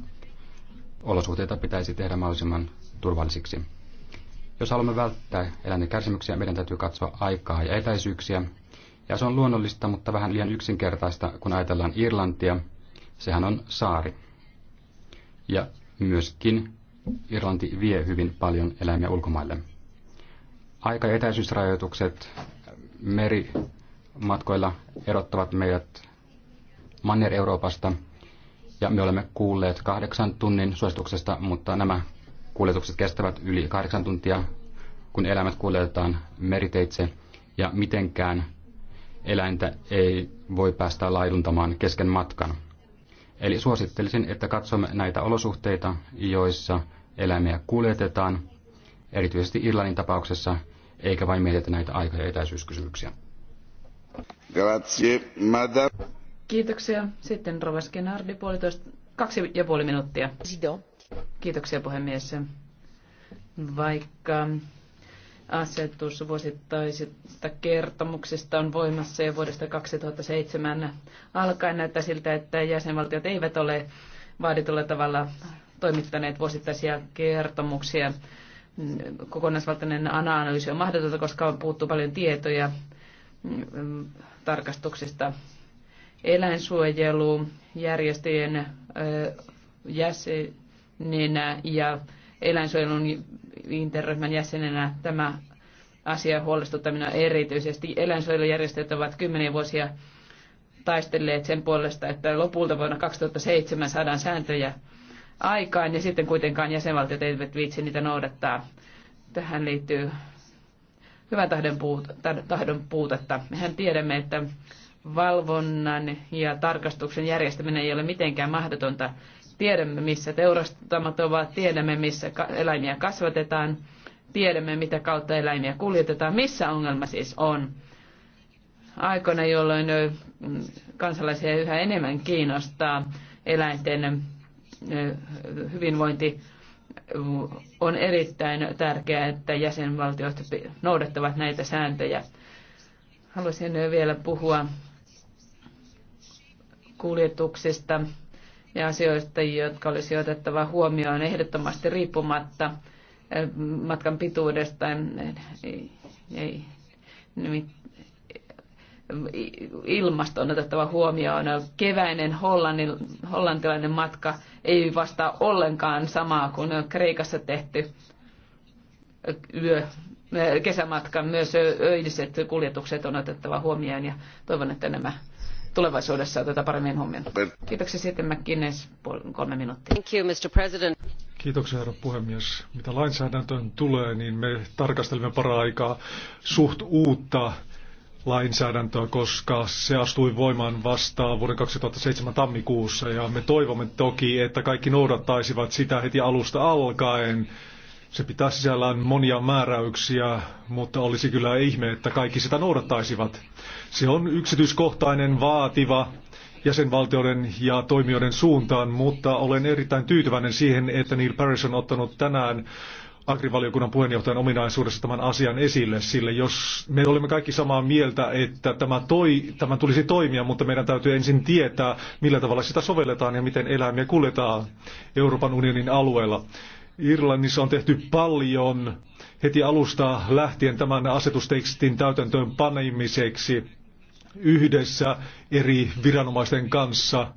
olosuhteita pitäisi tehdä mahdollisimman turvallisiksi. Jos haluamme välttää eläinten kärsimyksiä, meidän täytyy katsoa aikaa ja etäisyyksiä. Ja se on luonnollista, mutta vähän liian yksinkertaista, kun ajatellaan Irlantia. Sehän on saari. Ja myöskin Irlanti vie hyvin paljon eläimiä ulkomaille. Aika- ja etäisyysrajoitukset merimatkoilla erottavat meidät Manner-Euroopasta, ja me olemme kuulleet kahdeksan tunnin suosituksesta, mutta nämä kuljetukset kestävät yli kahdeksan tuntia, kun eläimet kuljetetaan meriteitse, ja mitenkään eläintä ei voi päästä laiduntamaan kesken matkan. Eli suosittelisin, että katsomme näitä olosuhteita, joissa eläimiä kuljetetaan, erityisesti Irlannin tapauksessa, eikä vain mietitä näitä aika- ja etäisyyskysymyksiä. Grazie, madame. Kiitoksia. Sitten Rova Skenardi, puolitoista, kaksi ja puoli minuuttia. Kiitoksia puhemies. Vaikka asetus vuosittaisista kertomuksista on voimassa jo vuodesta 2007 alkaen näyttää siltä, että jäsenvaltiot eivät ole vaaditulla tavalla toimittaneet vuosittaisia kertomuksia. Kokonaisvaltainen analyysi on mahdotonta, koska puuttuu paljon tietoja mm, tarkastuksista. Eläinsuojelu, järjestöjen jäsenenä ja eläinsuojelun interryhmän jäsenenä tämä asia huolestuttaa minua erityisesti. Eläinsuojelujärjestöt ovat kymmeniä vuosia taistelleet sen puolesta, että lopulta vuonna 2007 saadaan sääntöjä aikaan ja sitten kuitenkaan jäsenvaltiot eivät viitsi niitä noudattaa. Tähän liittyy hyvän tahdon, puut, tahdon puutetta. Mehän tiedämme, että valvonnan ja tarkastuksen järjestäminen ei ole mitenkään mahdotonta. Tiedämme, missä teurastamat ovat, tiedämme, missä eläimiä kasvatetaan, tiedämme, mitä kautta eläimiä kuljetetaan, missä ongelma siis on. Aikoina, jolloin kansalaisia yhä enemmän kiinnostaa eläinten hyvinvointi on erittäin tärkeää, että jäsenvaltiot noudattavat näitä sääntöjä. Haluaisin vielä puhua kuljetuksista ja asioista, jotka olisi otettava huomioon ehdottomasti riippumatta eh, matkan pituudesta. Ei, ei, ilmasto on otettava huomioon. Keväinen hollannin, hollantilainen matka ei vastaa ollenkaan samaa kuin Kreikassa tehty yö, kesämatka. Myös öiliset kuljetukset on otettava huomioon ja toivon, että nämä tulevaisuudessa otetaan paremmin huomioon. Kiitoksia sitten McKinnes kolme minuuttia. Thank you, Mr. President. Kiitoksia herra puhemies. Mitä lainsäädäntöön tulee, niin me tarkastelemme paraikaa suht uutta lainsäädäntöä, koska se astui voimaan vasta vuoden 2007 tammikuussa ja me toivomme toki, että kaikki noudattaisivat sitä heti alusta alkaen. Se pitää sisällään monia määräyksiä, mutta olisi kyllä ihme, että kaikki sitä noudattaisivat. Se on yksityiskohtainen, vaativa jäsenvaltioiden ja toimijoiden suuntaan, mutta olen erittäin tyytyväinen siihen, että Neil Paris on ottanut tänään agrivaliokunnan puheenjohtajan ominaisuudessa tämän asian esille, sillä jos me olemme kaikki samaa mieltä, että tämä, toi, tämä tulisi toimia, mutta meidän täytyy ensin tietää, millä tavalla sitä sovelletaan ja miten eläimiä kuljetaan Euroopan unionin alueella. Irlannissa on tehty paljon heti alusta lähtien tämän asetustekstin täytäntöön panemiseksi yhdessä eri viranomaisten kanssa –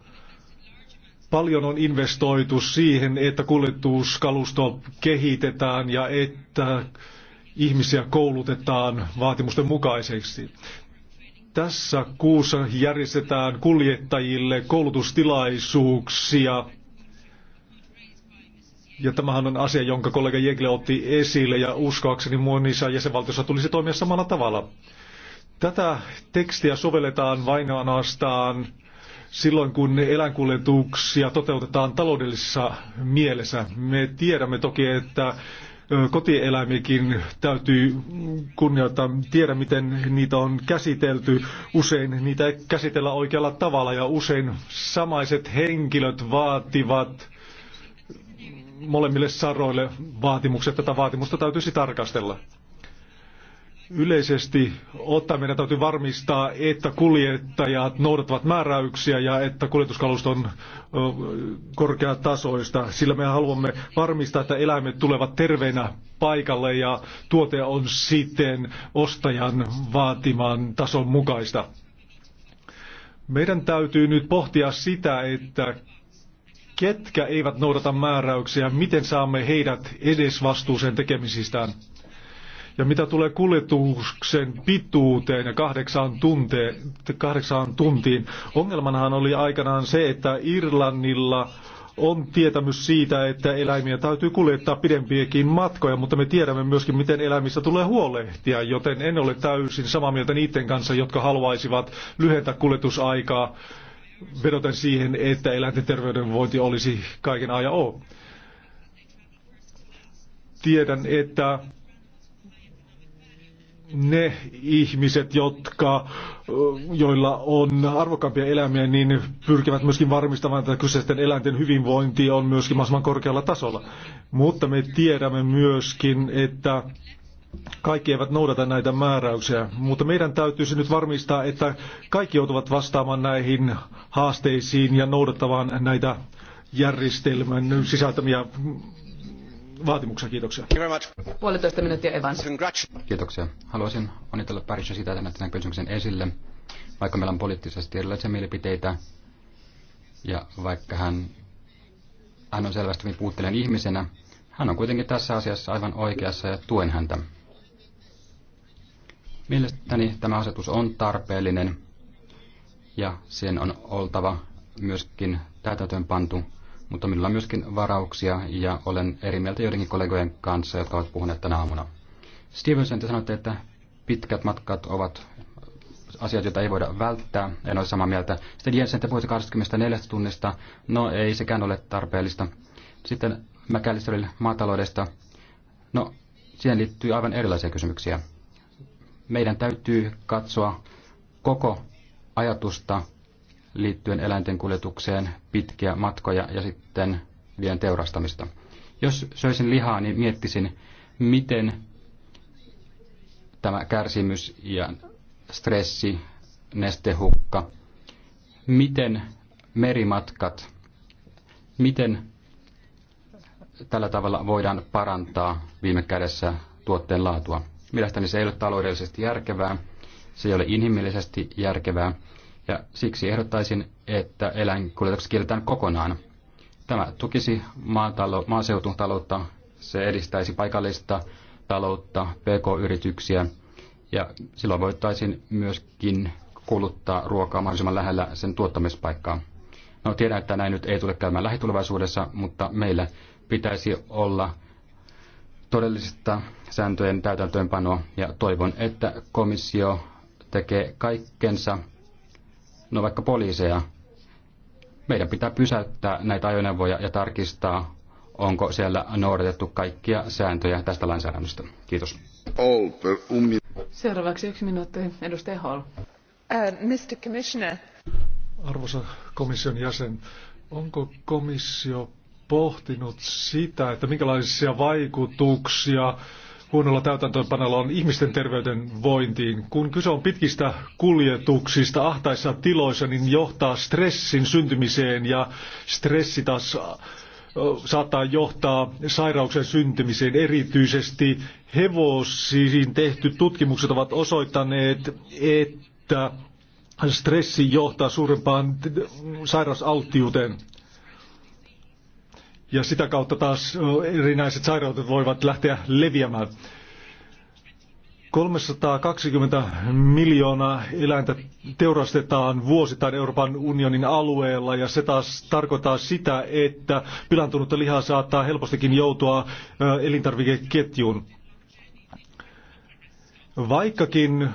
Paljon on investoitu siihen, että kuljetuskalusto kehitetään ja että ihmisiä koulutetaan vaatimusten mukaiseksi. Tässä kuussa järjestetään kuljettajille koulutustilaisuuksia. Ja tämähän on asia, jonka kollega Jekle otti esille ja uskoakseni monissa jäsenvaltioissa tulisi toimia samalla tavalla. Tätä tekstiä sovelletaan vain ainoastaan silloin, kun eläinkuljetuksia toteutetaan taloudellisessa mielessä. Me tiedämme toki, että kotieläimikin täytyy kunnioittaa, tiedä miten niitä on käsitelty. Usein niitä ei käsitellä oikealla tavalla ja usein samaiset henkilöt vaativat molemmille saroille vaatimukset. Tätä vaatimusta täytyisi tarkastella. Yleisesti ottaen meidän täytyy varmistaa, että kuljettajat noudattavat määräyksiä ja että on korkeatasoista, sillä me haluamme varmistaa, että eläimet tulevat terveinä paikalle ja tuote on siten ostajan vaatiman tason mukaista. Meidän täytyy nyt pohtia sitä, että ketkä eivät noudata määräyksiä, miten saamme heidät edes vastuuseen tekemisistään. Ja mitä tulee kuljetuksen pituuteen ja kahdeksaan, tunteen, kahdeksaan tuntiin, ongelmanhan oli aikanaan se, että Irlannilla on tietämys siitä, että eläimiä täytyy kuljettaa pidempiäkin matkoja, mutta me tiedämme myöskin, miten eläimistä tulee huolehtia, joten en ole täysin samaa mieltä niiden kanssa, jotka haluaisivat lyhentää kuljetusaikaa vedoten siihen, että eläinten terveydenvointi olisi kaiken ajan O. Tiedän, että ne ihmiset, jotka, joilla on arvokkaampia eläimiä, niin pyrkivät myöskin varmistamaan, että kyseisten eläinten hyvinvointi on myöskin mahdollisimman korkealla tasolla. Mutta me tiedämme myöskin, että kaikki eivät noudata näitä määräyksiä, mutta meidän täytyisi nyt varmistaa, että kaikki joutuvat vastaamaan näihin haasteisiin ja noudattamaan näitä järjestelmän sisältämiä vaatimuksia. Kiitoksia. Puolitoista minuuttia Evans. Kiitoksia. Haluaisin onnitella Parisha sitä, että tämän kysymyksen esille, vaikka meillä on poliittisesti erilaisia mielipiteitä ja vaikka hän, hän on selvästi hyvin puutteleen ihmisenä, hän on kuitenkin tässä asiassa aivan oikeassa ja tuen häntä. Mielestäni tämä asetus on tarpeellinen ja sen on oltava myöskin täytäntöön pantu mutta minulla on myöskin varauksia ja olen eri mieltä joidenkin kollegojen kanssa, jotka ovat puhuneet tänä aamuna. Stevenson, te sanoitte, että pitkät matkat ovat asiat, joita ei voida välttää. En ole samaa mieltä. Sitten Jensen, te puhuitte 24 tunnista. No ei sekään ole tarpeellista. Sitten McAllisterille maataloudesta. No, siihen liittyy aivan erilaisia kysymyksiä. Meidän täytyy katsoa koko ajatusta liittyen eläinten kuljetukseen, pitkiä matkoja ja sitten vien teurastamista. Jos söisin lihaa, niin miettisin, miten tämä kärsimys ja stressi, nestehukka, miten merimatkat, miten tällä tavalla voidaan parantaa viime kädessä tuotteen laatua. Mielestäni se ei ole taloudellisesti järkevää, se ei ole inhimillisesti järkevää ja siksi ehdottaisin, että eläinkuljetukset kielletään kokonaan. Tämä tukisi maatalo- maaseututaloutta, se edistäisi paikallista taloutta, pk-yrityksiä ja silloin voitaisiin myöskin kuluttaa ruokaa mahdollisimman lähellä sen tuottamispaikkaa. No tiedän, että näin nyt ei tule käymään lähitulevaisuudessa, mutta meillä pitäisi olla todellisista sääntöjen täytäntöönpanoa ja toivon, että komissio tekee kaikkensa, no vaikka poliiseja. Meidän pitää pysäyttää näitä ajoneuvoja ja tarkistaa, onko siellä noudatettu kaikkia sääntöjä tästä lainsäädännöstä. Kiitos. Seuraavaksi yksi minuutti. Edustaja Hall. Uh, äh, Mr. Commissioner. Arvoisa komission jäsen, onko komissio pohtinut sitä, että minkälaisia vaikutuksia huonolla täytäntöönpanolla on ihmisten terveyden vointiin. Kun kyse on pitkistä kuljetuksista ahtaissa tiloissa, niin johtaa stressin syntymiseen ja stressi taas saattaa johtaa sairauksen syntymiseen. Erityisesti hevosiin tehty tutkimukset ovat osoittaneet, että stressi johtaa suurempaan sairausalttiuteen ja sitä kautta taas erinäiset sairaudet voivat lähteä leviämään. 320 miljoonaa eläintä teurastetaan vuosittain Euroopan unionin alueella ja se taas tarkoittaa sitä, että pilantunutta lihaa saattaa helpostikin joutua elintarvikeketjuun. Vaikkakin eh,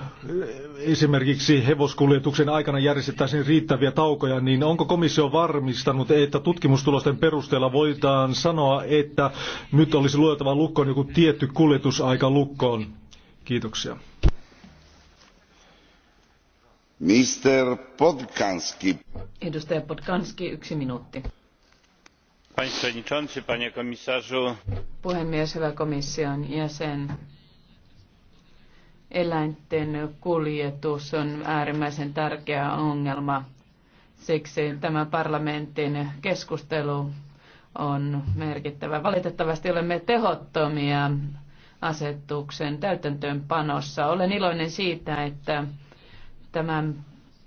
esimerkiksi hevoskuljetuksen aikana järjestettäisiin riittäviä taukoja, niin onko komissio varmistanut, että tutkimustulosten perusteella voidaan sanoa, että nyt olisi luotava lukkoon joku tietty kuljetusaika lukkoon? Kiitoksia. Mr. Podkanski. Edustaja Podkanski, yksi minuutti. Panie przewodniczący, panie komisarzu. Puhemies, hyvä komission jäsen eläinten kuljetus on äärimmäisen tärkeä ongelma. Siksi tämä parlamentin keskustelu on merkittävä. Valitettavasti olemme tehottomia asetuksen täytäntöönpanossa. Olen iloinen siitä, että tämän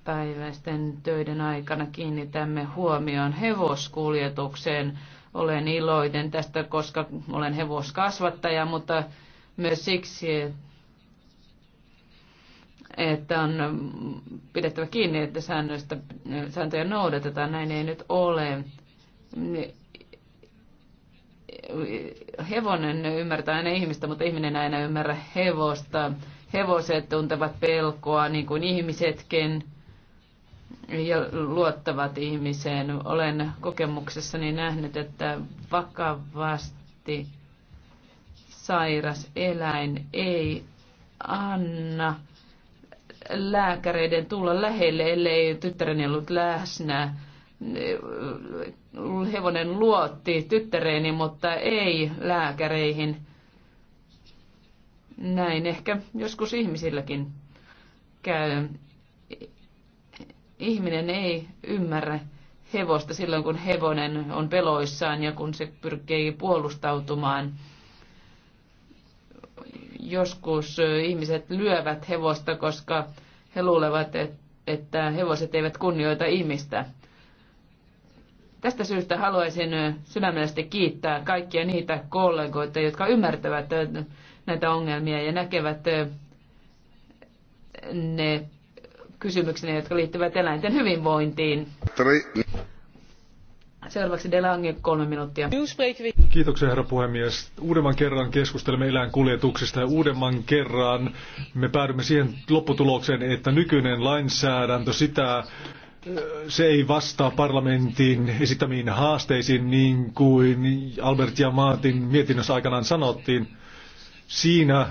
päiväisten töiden aikana kiinnitämme huomioon hevoskuljetukseen. Olen iloinen tästä, koska olen hevoskasvattaja, mutta myös siksi, että että on pidettävä kiinni, että säännöistä, sääntöjä noudatetaan. Näin ei nyt ole. Hevonen ymmärtää aina ihmistä, mutta ihminen aina ymmärrä hevosta. Hevoset tuntevat pelkoa, niin kuin ihmisetkin, ja luottavat ihmiseen. Olen kokemuksessani nähnyt, että vakavasti sairas eläin ei anna lääkäreiden tulla lähelle, ellei tyttäreni ollut läsnä. Hevonen luotti tyttäreeni, mutta ei lääkäreihin. Näin ehkä joskus ihmisilläkin käy. Ihminen ei ymmärrä hevosta silloin, kun hevonen on peloissaan ja kun se pyrkii puolustautumaan – joskus ihmiset lyövät hevosta, koska he luulevat, että hevoset eivät kunnioita ihmistä. Tästä syystä haluaisin sydämellisesti kiittää kaikkia niitä kollegoita, jotka ymmärtävät näitä ongelmia ja näkevät ne kysymyksiä, jotka liittyvät eläinten hyvinvointiin. Tri. Seuraavaksi Delange kolme minuuttia. Kiitoksia herra puhemies. Uudemman kerran keskustelemme eläinkuljetuksista ja uudemman kerran me päädymme siihen lopputulokseen, että nykyinen lainsäädäntö sitä se ei vastaa parlamentin esittämiin haasteisiin niin kuin Albert ja Maatin mietinnössä aikanaan sanottiin. Siinä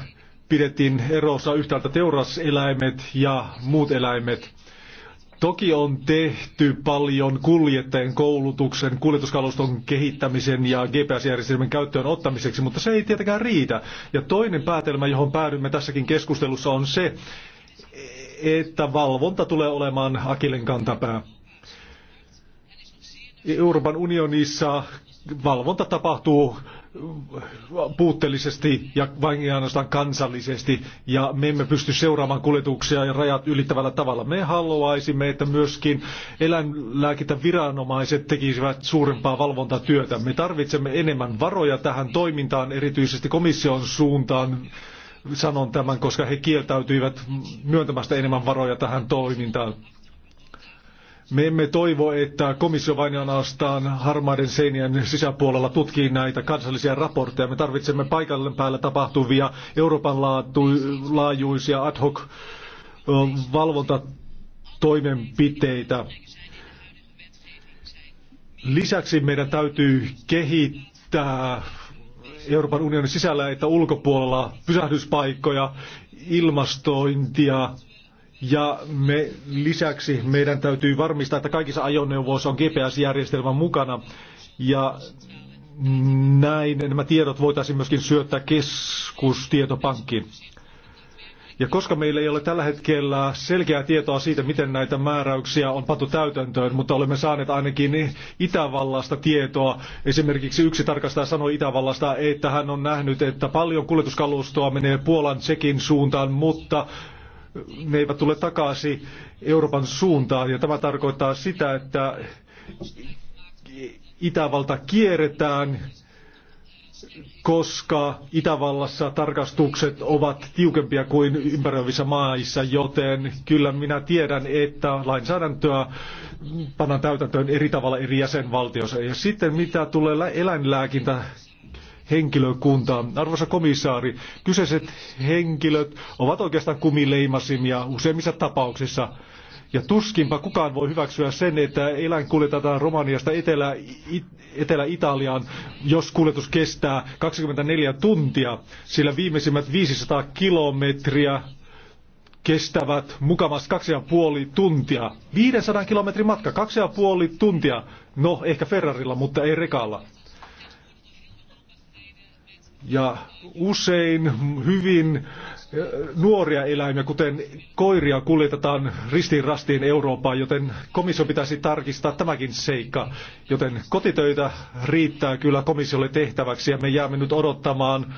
pidettiin erossa yhtäältä teuraseläimet ja muut eläimet. Toki on tehty paljon kuljettajien koulutuksen, kuljetuskaluston kehittämisen ja GPS-järjestelmän käyttöön ottamiseksi, mutta se ei tietenkään riitä. Ja toinen päätelmä, johon päädymme tässäkin keskustelussa, on se, että valvonta tulee olemaan Akilen kantapää. Euroopan unionissa valvonta tapahtuu puutteellisesti ja vain ainoastaan kansallisesti, ja me emme pysty seuraamaan kuljetuksia ja rajat ylittävällä tavalla. Me haluaisimme, että myöskin eläinlääkintäviranomaiset tekisivät suurempaa valvontatyötä. Me tarvitsemme enemmän varoja tähän toimintaan, erityisesti komission suuntaan sanon tämän, koska he kieltäytyivät myöntämästä enemmän varoja tähän toimintaan. Me emme toivo, että komissio vain ainoastaan harmaiden seinien sisäpuolella tutkii näitä kansallisia raportteja. Me tarvitsemme paikallinen päällä tapahtuvia Euroopan laajuisia ad hoc valvontatoimenpiteitä. Lisäksi meidän täytyy kehittää Euroopan unionin sisällä että ulkopuolella pysähdyspaikkoja, ilmastointia, ja me, lisäksi meidän täytyy varmistaa, että kaikissa ajoneuvoissa on GPS-järjestelmä mukana. Ja näin nämä tiedot voitaisiin myöskin syöttää keskustietopankkiin. Ja koska meillä ei ole tällä hetkellä selkeää tietoa siitä, miten näitä määräyksiä on pantu täytäntöön, mutta olemme saaneet ainakin Itävallasta tietoa. Esimerkiksi yksi tarkastaja sanoi Itävallasta, että hän on nähnyt, että paljon kuljetuskalustoa menee Puolan Tsekin suuntaan, mutta ne eivät tule takaisin Euroopan suuntaan. Ja tämä tarkoittaa sitä, että Itävalta kierretään, koska Itävallassa tarkastukset ovat tiukempia kuin ympäröivissä maissa, joten kyllä minä tiedän, että lainsäädäntöä pannaan täytäntöön eri tavalla eri jäsenvaltioissa. Ja sitten mitä tulee eläinlääkintä henkilökuntaa. Arvoisa komissaari, kyseiset henkilöt ovat oikeastaan kumileimasimia useimmissa tapauksissa. Ja tuskinpa kukaan voi hyväksyä sen, että eläin kuljetetaan Romaniasta Etelä, It, Etelä-Italiaan, jos kuljetus kestää 24 tuntia, sillä viimeisimmät 500 kilometriä kestävät mukamas 2,5 tuntia. 500 kilometrin matka, 2,5 tuntia. No, ehkä Ferrarilla, mutta ei rekalla ja usein hyvin äh, nuoria eläimiä, kuten koiria, kuljetetaan ristiin rastiin Eurooppaan, joten komissio pitäisi tarkistaa tämäkin seikka. Joten kotitöitä riittää kyllä komissiolle tehtäväksi ja me jäämme nyt odottamaan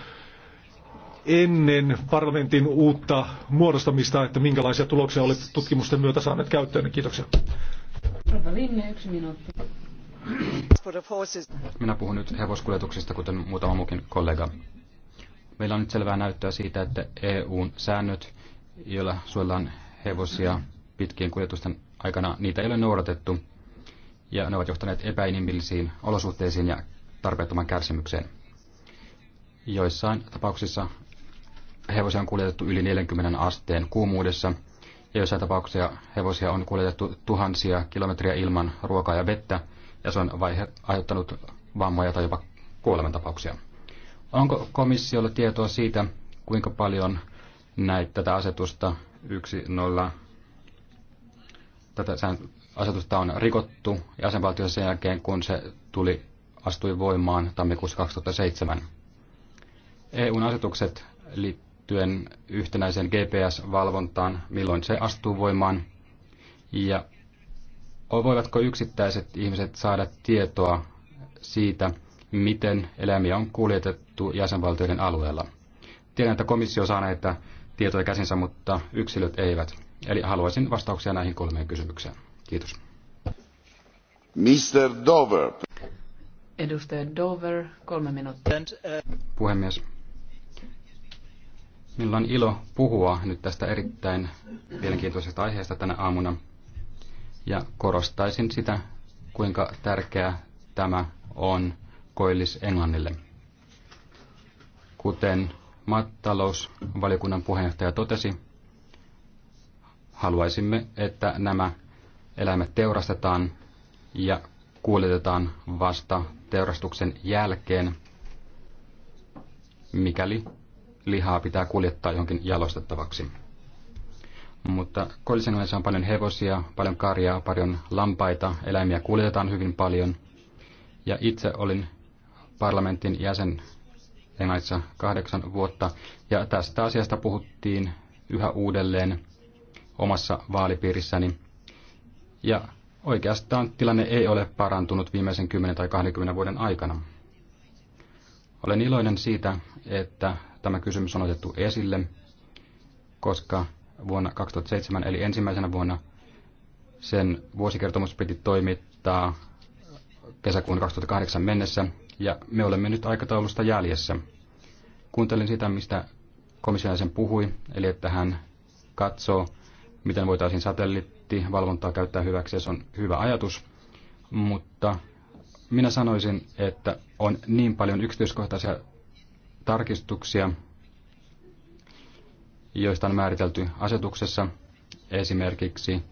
ennen parlamentin uutta muodostamista, että minkälaisia tuloksia olet tutkimusten myötä saaneet käyttöön. Kiitoksia. Rinne, yksi minuutti. Minä puhun nyt hevoskuljetuksista, kuten muutama muukin kollega. Meillä on nyt selvää näyttöä siitä, että EUn säännöt, joilla suojellaan hevosia pitkien kuljetusten aikana, niitä ei ole noudatettu. Ja ne ovat johtaneet epäinhimillisiin olosuhteisiin ja tarpeettoman kärsimykseen. Joissain tapauksissa hevosia on kuljetettu yli 40 asteen kuumuudessa, ja joissain tapauksissa hevosia on kuljetettu tuhansia kilometriä ilman ruokaa ja vettä, ja se on vaihe, aiheuttanut vammoja tai jopa kuolemantapauksia. Onko komissiolla tietoa siitä, kuinka paljon näitä tätä asetusta 10 tätä asetusta on rikottu jäsenvaltiossa sen jälkeen, kun se tuli astui voimaan tammikuussa 2007. EUn asetukset liittyen yhtenäiseen GPS-valvontaan, milloin se astuu voimaan, ja voivatko yksittäiset ihmiset saada tietoa siitä, miten eläimiä on kuljetettu jäsenvaltioiden alueella. Tiedän, että komissio saa näitä tietoja käsinsä, mutta yksilöt eivät. Eli haluaisin vastauksia näihin kolmeen kysymykseen. Kiitos. Mr. Dover. Edustaja Dover, kolme minuuttia. Uh, Puhemies. Minulla on ilo puhua nyt tästä erittäin mielenkiintoisesta aiheesta tänä aamuna. Ja korostaisin sitä, kuinka tärkeä tämä on koillis Englannille. Kuten maatalousvaliokunnan puheenjohtaja totesi, haluaisimme, että nämä eläimet teurastetaan ja kuljetetaan vasta teurastuksen jälkeen, mikäli lihaa pitää kuljettaa jonkin jalostettavaksi. Mutta Koillisen on paljon hevosia, paljon karjaa, paljon lampaita, eläimiä kuljetetaan hyvin paljon. Ja itse olin parlamentin jäsen Englannissa kahdeksan vuotta, ja tästä asiasta puhuttiin yhä uudelleen omassa vaalipiirissäni. Ja oikeastaan tilanne ei ole parantunut viimeisen 10 tai 20 vuoden aikana. Olen iloinen siitä, että tämä kysymys on otettu esille, koska vuonna 2007, eli ensimmäisenä vuonna. Sen vuosikertomus piti toimittaa kesäkuun 2008 mennessä, ja me olemme nyt aikataulusta jäljessä. Kuuntelin sitä, mistä komission puhui, eli että hän katsoo, miten voitaisiin satelliittivalvontaa käyttää hyväksi, se on hyvä ajatus, mutta minä sanoisin, että on niin paljon yksityiskohtaisia tarkistuksia, joista on määritelty asetuksessa, esimerkiksi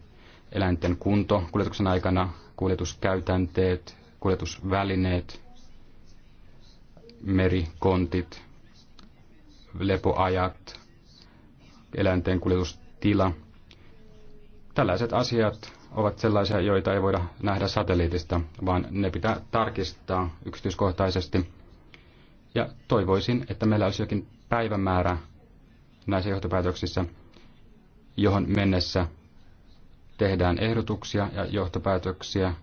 eläinten kunto kuljetuksen aikana, kuljetuskäytänteet, kuljetusvälineet, merikontit, lepoajat, eläinten kuljetustila. Tällaiset asiat ovat sellaisia, joita ei voida nähdä satelliitista, vaan ne pitää tarkistaa yksityiskohtaisesti. Ja toivoisin, että meillä olisi jokin päivämäärä näissä johtopäätöksissä, johon mennessä tehdään ehdotuksia ja johtopäätöksiä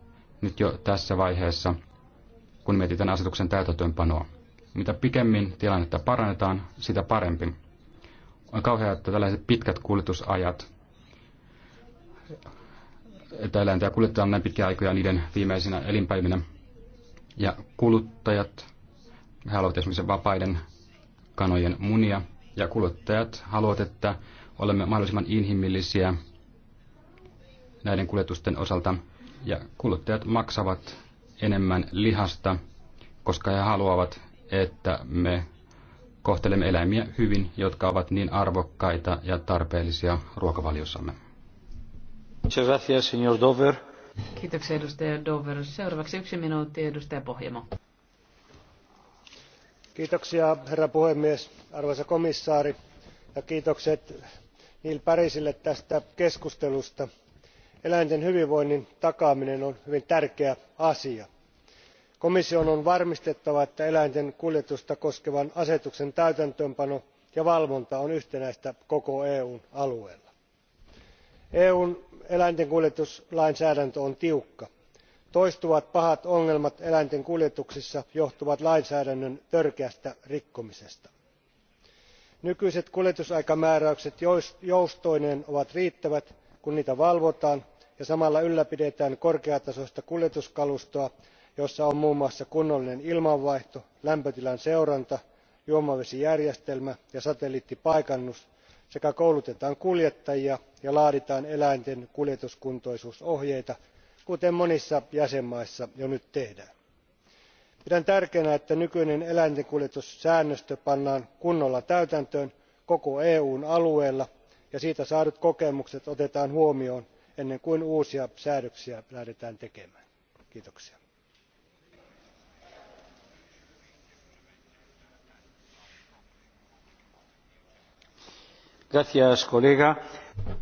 nyt jo tässä vaiheessa, kun mietitään asetuksen täytäntöönpanoa. Mitä pikemmin tilannetta parannetaan, sitä parempi. On kauheaa, että tällaiset pitkät kuljetusajat, että eläintä kuljetetaan näin pitkiä aikoja niiden viimeisinä elinpäivinä. Ja kuluttajat, he haluavat esimerkiksi vapaiden kanojen munia, ja kuluttajat haluavat, että olemme mahdollisimman inhimillisiä näiden kuljetusten osalta. Ja kuluttajat maksavat enemmän lihasta, koska he haluavat, että me kohtelemme eläimiä hyvin, jotka ovat niin arvokkaita ja tarpeellisia ruokavaliossamme. Kiitoksia edustaja Dover. Seuraavaksi yksi minuutti edustaja Pohjamo arvoisa puhemies arvoisa komissaari kiitokset neil pariesille tästä keskustelusta. eläinten hyvinvoinnin takaaminen on hyvin tärkeä asia. komission on varmistettava että eläinten kuljetusta koskevan asetuksen täytäntöönpano ja valvonta on yhtenäistä koko eun alueella. eun eläintenkuljetuslainsäädäntö on tiukka toistuvat pahat ongelmat eläinten kuljetuksissa johtuvat lainsäädännön törkeästä rikkomisesta. nykyiset kuljetusaikamääräykset joustoineen ovat riittävät kun niitä valvotaan ja samalla ylläpidetään korkeatasoista kuljetuskalustoa jossa on muun muassa kunnollinen ilmanvaihto lämpötilan seuranta juomavesijärjestelmä ja satelliittipaikannus sekä koulutetaan kuljettajia ja laaditaan eläinten kuljetuskuntoisuusohjeita kuten monissa jäsenmaissa jo nyt tehdään. pidän tärkeänä että nykyinen eläintenkuljetussäännöstö pannaan kunnolla täytäntöön koko eun alueella ja siitä saadut kokemukset otetaan huomioon ennen kuin uusia säädöksiä lähdetään tekemään. kiitoksia.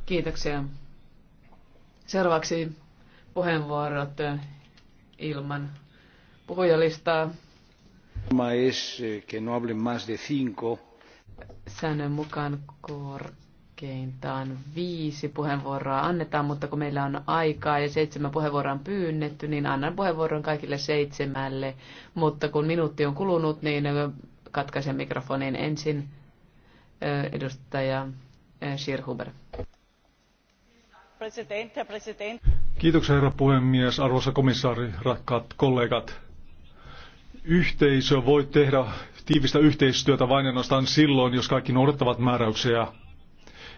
Kiitoksia. Seuraavaksi puheenvuorot ilman puhujalistaa. Es eh, que no hablen más de cinco. Säännön mukaan korkeintaan viisi puheenvuoroa annetaan, mutta kun meillä on aikaa ja seitsemän puheenvuoroa on pyynnetty, niin annan puheenvuoron kaikille seitsemälle. Mutta kun minuutti on kulunut, niin katkaisen mikrofonin ensin eh, edustaja eh, Schirhuber. Presidente, presidente. Kiitoksia herra puhemies, arvoisa komissaari, rakkaat kollegat. Yhteisö voi tehdä tiivistä yhteistyötä vain ainoastaan silloin, jos kaikki noudattavat määräyksiä.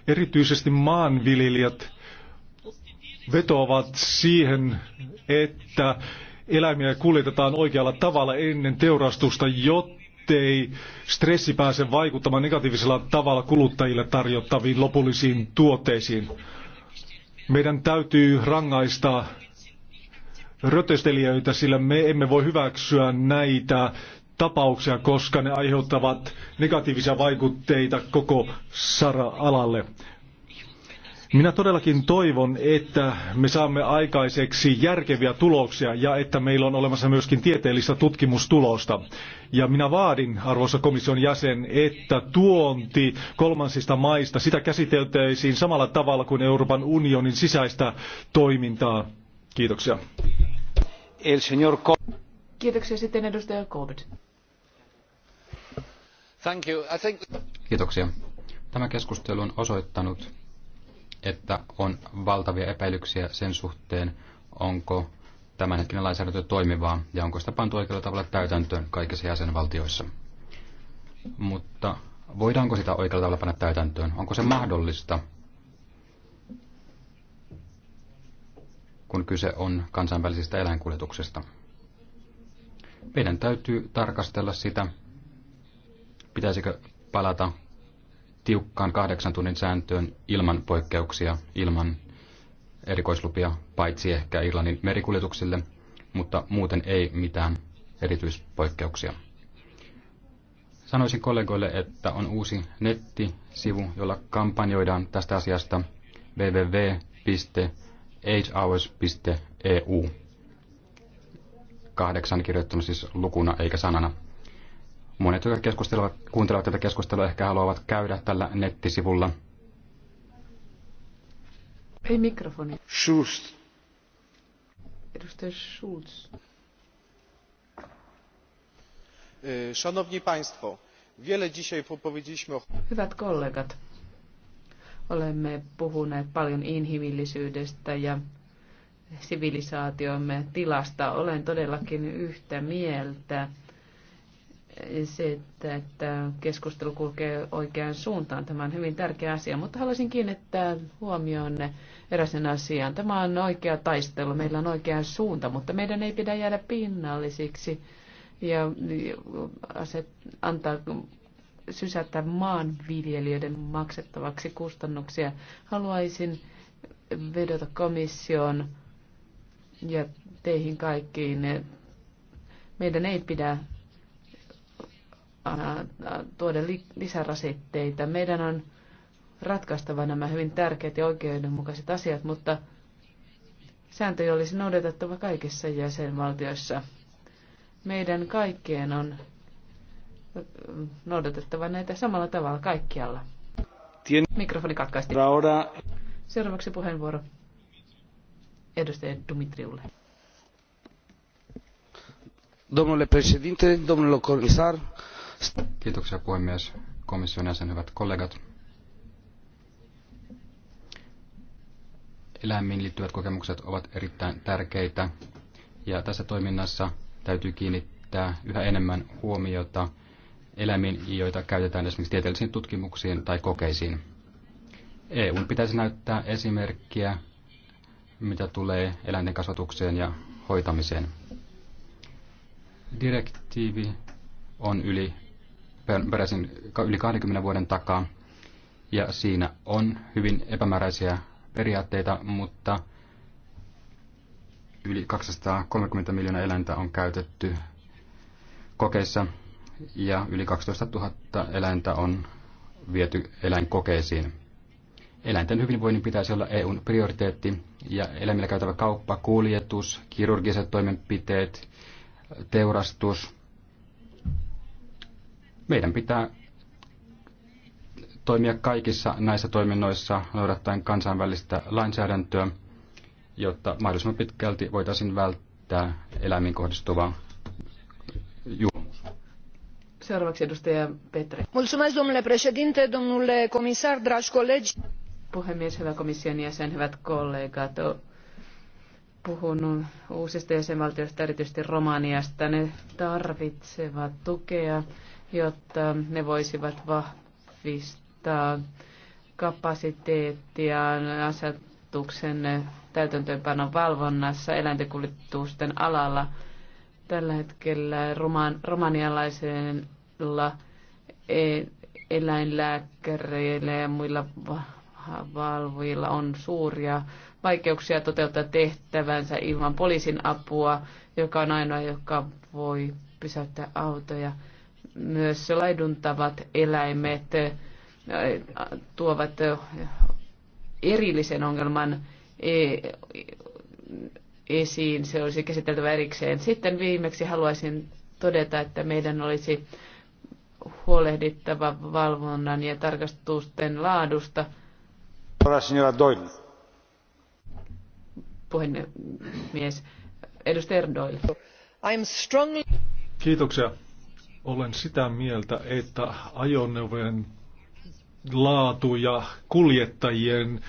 Erityisesti maanviljelijät vetoavat siihen, että eläimiä kuljetetaan oikealla tavalla ennen teurastusta, jottei stressi pääse vaikuttamaan negatiivisella tavalla kuluttajille tarjottaviin lopullisiin tuotteisiin. Meidän täytyy rangaista rötöstelijöitä, sillä me emme voi hyväksyä näitä tapauksia, koska ne aiheuttavat negatiivisia vaikutteita koko sara-alalle. Minä todellakin toivon, että me saamme aikaiseksi järkeviä tuloksia ja että meillä on olemassa myöskin tieteellistä tutkimustulosta. Ja minä vaadin, arvoisa komission jäsen, että tuonti kolmansista maista, sitä käsiteltäisiin samalla tavalla kuin Euroopan unionin sisäistä toimintaa. Kiitoksia. El señor Kiitoksia sitten edustaja Thank you. I think... Kiitoksia. Tämä keskustelu on osoittanut, että on valtavia epäilyksiä sen suhteen, onko tämänhetkinen lainsäädäntö toimivaa ja onko sitä pantu oikealla tavalla täytäntöön kaikissa jäsenvaltioissa. Mutta voidaanko sitä oikealla tavalla panna täytäntöön? Onko se mahdollista, kun kyse on kansainvälisistä eläinkuljetuksista? Meidän täytyy tarkastella sitä, pitäisikö palata tiukkaan kahdeksan tunnin sääntöön ilman poikkeuksia, ilman erikoislupia, paitsi ehkä Irlannin merikuljetuksille, mutta muuten ei mitään erityispoikkeuksia. Sanoisin kollegoille, että on uusi nettisivu, jolla kampanjoidaan tästä asiasta www8 Kahdeksan kirjoittanut siis lukuna eikä sanana. Monet, jotka keskustelevat, kuuntelevat tätä keskustelua, ehkä haluavat käydä tällä nettisivulla. Ei mikrofoni. Schulz. Edustaja Schulz. E, szanowni Państwo, wiele dzisiaj powiedzieliśmy o... Hyvät kollegat, olemme puhuneet paljon inhimillisyydestä ja sivilisaatiomme tilasta. Olen todellakin yhtä mieltä että, että keskustelu kulkee oikeaan suuntaan. Tämä on hyvin tärkeä asia, mutta haluaisin kiinnittää huomioon eräsen asian. Tämä on oikea taistelu, meillä on oikea suunta, mutta meidän ei pidä jäädä pinnallisiksi ja aset, antaa sysätä maanviljelijöiden maksettavaksi kustannuksia. Haluaisin vedota komission ja teihin kaikkiin. Meidän ei pidä tuoda lisärasitteita. Meidän on ratkaistava nämä hyvin tärkeät ja oikeudenmukaiset asiat, mutta sääntöjä olisi noudatettava kaikissa jäsenvaltioissa. Meidän kaikkien on noudatettava näitä samalla tavalla kaikkialla. Mikrofoni katkaistiin. Seuraavaksi puheenvuoro edustaja Dumitriulle. Domnule președinte, domnule comisar, Kiitoksia puhemies, komission jäsen, hyvät kollegat. Eläimiin liittyvät kokemukset ovat erittäin tärkeitä ja tässä toiminnassa täytyy kiinnittää yhä enemmän huomiota eläimiin, joita käytetään esimerkiksi tieteellisiin tutkimuksiin tai kokeisiin. EUn pitäisi näyttää esimerkkiä, mitä tulee eläinten kasvatukseen ja hoitamiseen. Direktiivi on yli peräisin yli 20 vuoden takaa. Ja siinä on hyvin epämääräisiä periaatteita, mutta yli 230 miljoonaa eläintä on käytetty kokeissa ja yli 12 000 eläintä on viety eläinkokeisiin. Eläinten hyvinvoinnin pitäisi olla EUn prioriteetti ja eläimillä käytävä kauppa, kuljetus, kirurgiset toimenpiteet, teurastus meidän pitää toimia kaikissa näissä toiminnoissa noudattaen kansainvälistä lainsäädäntöä, jotta mahdollisimman pitkälti voitaisiin välttää eläimiin kohdistuvaa julmuus. Seuraavaksi edustaja Petri. Mulțumesc, domnule președinte, domnule comisar, dragi colegi. Puhemies, hyvä komission jäsen, hyvät kollegat. Puhun uusista jäsenvaltioista, erityisesti Romaniasta. Ne tarvitsevat tukea jotta ne voisivat vahvistaa kapasiteettia asetuksen täytäntöönpanon valvonnassa eläintekuljetusten alalla. Tällä hetkellä roman, romanialaisella e, eläinlääkäreillä ja muilla valvojilla on suuria vaikeuksia toteuttaa tehtävänsä ilman poliisin apua, joka on ainoa, joka voi pysäyttää autoja myös laiduntavat eläimet äh, tuovat äh, erillisen ongelman e, esiin. Se olisi käsiteltävä erikseen. Sitten viimeksi haluaisin todeta, että meidän olisi huolehdittava valvonnan ja tarkastusten laadusta. Puhemies, edustaja Doyle. Kiitoksia. Olen sitä mieltä, että ajoneuvojen laatu ja kuljettajien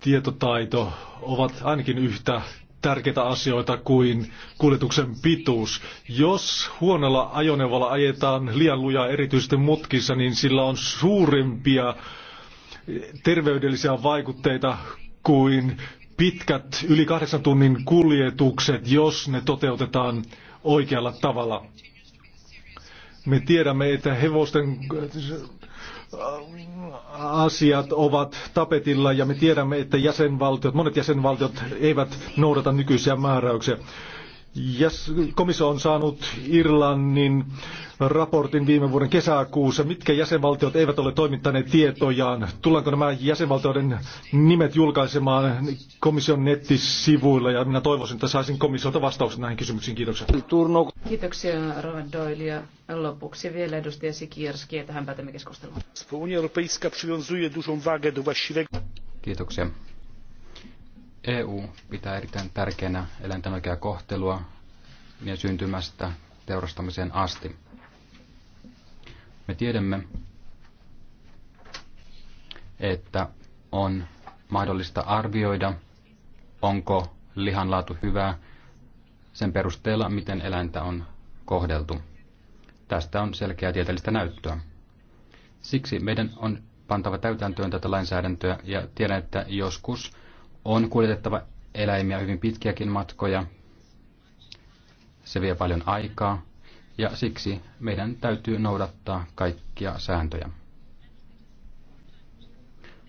tietotaito ovat ainakin yhtä tärkeitä asioita kuin kuljetuksen pituus. Jos huonolla ajoneuvolla ajetaan liian lujaa erityisesti mutkissa, niin sillä on suurimpia terveydellisiä vaikutteita kuin pitkät yli kahdeksan tunnin kuljetukset, jos ne toteutetaan oikealla tavalla. Me tiedämme, että hevosten äh, asiat ovat tapetilla ja me tiedämme, että jäsenvaltiot, monet jäsenvaltiot eivät noudata nykyisiä määräyksiä. Yes, komissio on saanut Irlannin raportin viime vuoden kesäkuussa. Mitkä jäsenvaltiot eivät ole toimittaneet tietojaan? Tullaanko nämä jäsenvaltioiden nimet julkaisemaan komission nettisivuilla? Ja minä toivoisin, että saisin komissiolta vastauksen näihin kysymyksiin. Kiitoksia. Kiitoksia, Rova Doyle. Ja lopuksi vielä edustaja Sikierski, tähän päätämme keskustelua. Kiitoksia. EU pitää erittäin tärkeänä eläinten oikeaa kohtelua ja syntymästä teurastamiseen asti. Me tiedämme, että on mahdollista arvioida, onko lihanlaatu hyvää sen perusteella, miten eläintä on kohdeltu. Tästä on selkeää tieteellistä näyttöä. Siksi meidän on pantava täytäntöön tätä lainsäädäntöä ja tiedän, että joskus – on kuljetettava eläimiä hyvin pitkiäkin matkoja. Se vie paljon aikaa ja siksi meidän täytyy noudattaa kaikkia sääntöjä.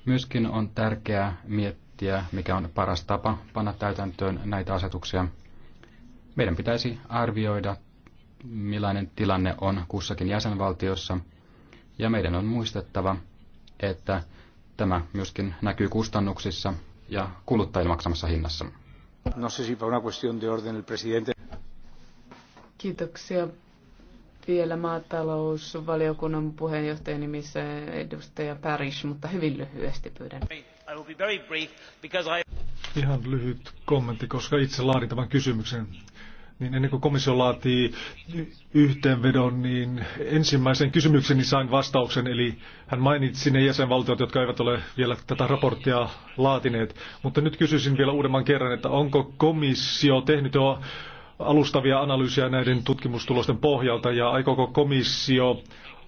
Myöskin on tärkeää miettiä, mikä on paras tapa panna täytäntöön näitä asetuksia. Meidän pitäisi arvioida, millainen tilanne on kussakin jäsenvaltiossa, ja meidän on muistettava, että tämä myöskin näkyy kustannuksissa, ja kuluttajille maksamassa hinnassa. No se si una cuestión de orden el presidente. Kiitoksia. Vielä maatalousvaliokunnan puheenjohtajan nimissä edustaja Parish, mutta hyvin lyhyesti pyydän. Ihan lyhyt kommentti, koska itse laadin tämän kysymyksen. Niin ennen kuin komissio laatii yhteenvedon, niin ensimmäisen kysymykseni sain vastauksen, eli hän mainitsi ne jäsenvaltiot, jotka eivät ole vielä tätä raporttia laatineet. Mutta nyt kysyisin vielä uudemman kerran, että onko komissio tehnyt jo alustavia analyysiä näiden tutkimustulosten pohjalta ja aikooko komissio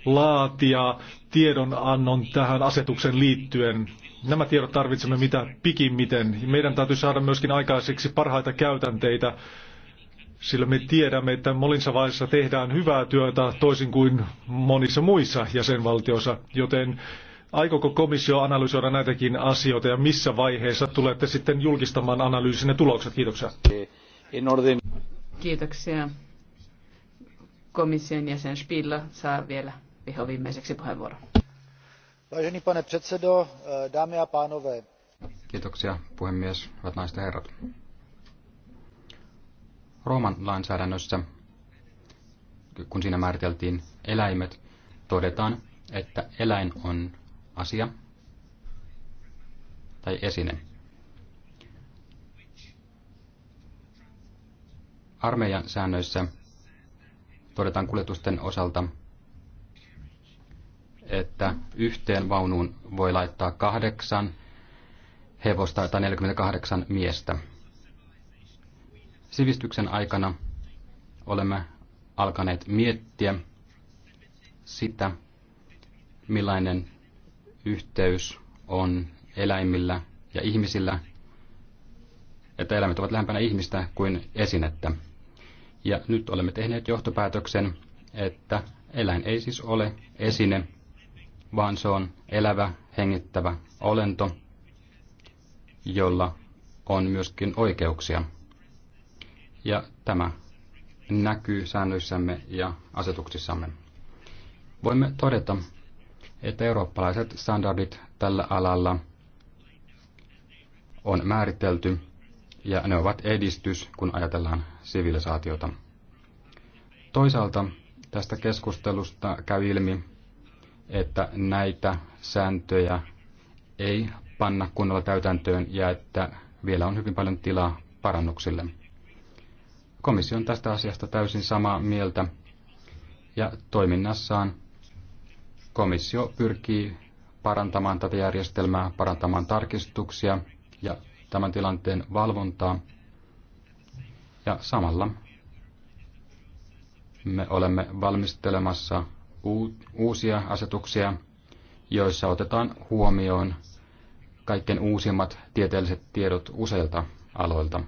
laatia tiedonannon tähän asetuksen liittyen. Nämä tiedot tarvitsemme mitä pikimmiten. Meidän täytyy saada myöskin aikaiseksi parhaita käytänteitä sillä me tiedämme, että molinsa vaiheessa tehdään hyvää työtä toisin kuin monissa muissa jäsenvaltioissa, joten aikooko komissio analysoida näitäkin asioita ja missä vaiheessa tulette sitten julkistamaan analyysin ja tulokset? Kiitoksia. Kiitoksia. Komission jäsen Spilla saa vielä viimeiseksi puheenvuoron. Vážený pane předsedo, dámy a pánové. Kiitoksia puhemies, hyvät naiset ja herrat. Rooman lainsäädännössä, kun siinä määriteltiin eläimet, todetaan, että eläin on asia tai esine. Armeijan säännöissä todetaan kuljetusten osalta, että yhteen vaunuun voi laittaa kahdeksan hevosta tai 48 miestä. Sivistyksen aikana olemme alkaneet miettiä sitä, millainen yhteys on eläimillä ja ihmisillä, että eläimet ovat lähempänä ihmistä kuin esinettä. Ja nyt olemme tehneet johtopäätöksen, että eläin ei siis ole esine, vaan se on elävä, hengittävä olento, jolla on myöskin oikeuksia ja tämä näkyy säännöissämme ja asetuksissamme. Voimme todeta, että eurooppalaiset standardit tällä alalla on määritelty ja ne ovat edistys, kun ajatellaan sivilisaatiota. Toisaalta tästä keskustelusta käy ilmi, että näitä sääntöjä ei panna kunnolla täytäntöön ja että vielä on hyvin paljon tilaa parannuksille. Komissio on tästä asiasta täysin samaa mieltä ja toiminnassaan komissio pyrkii parantamaan tätä järjestelmää, parantamaan tarkistuksia ja tämän tilanteen valvontaa. Ja samalla me olemme valmistelemassa uusia asetuksia, joissa otetaan huomioon kaikkein uusimmat tieteelliset tiedot useilta aloilta.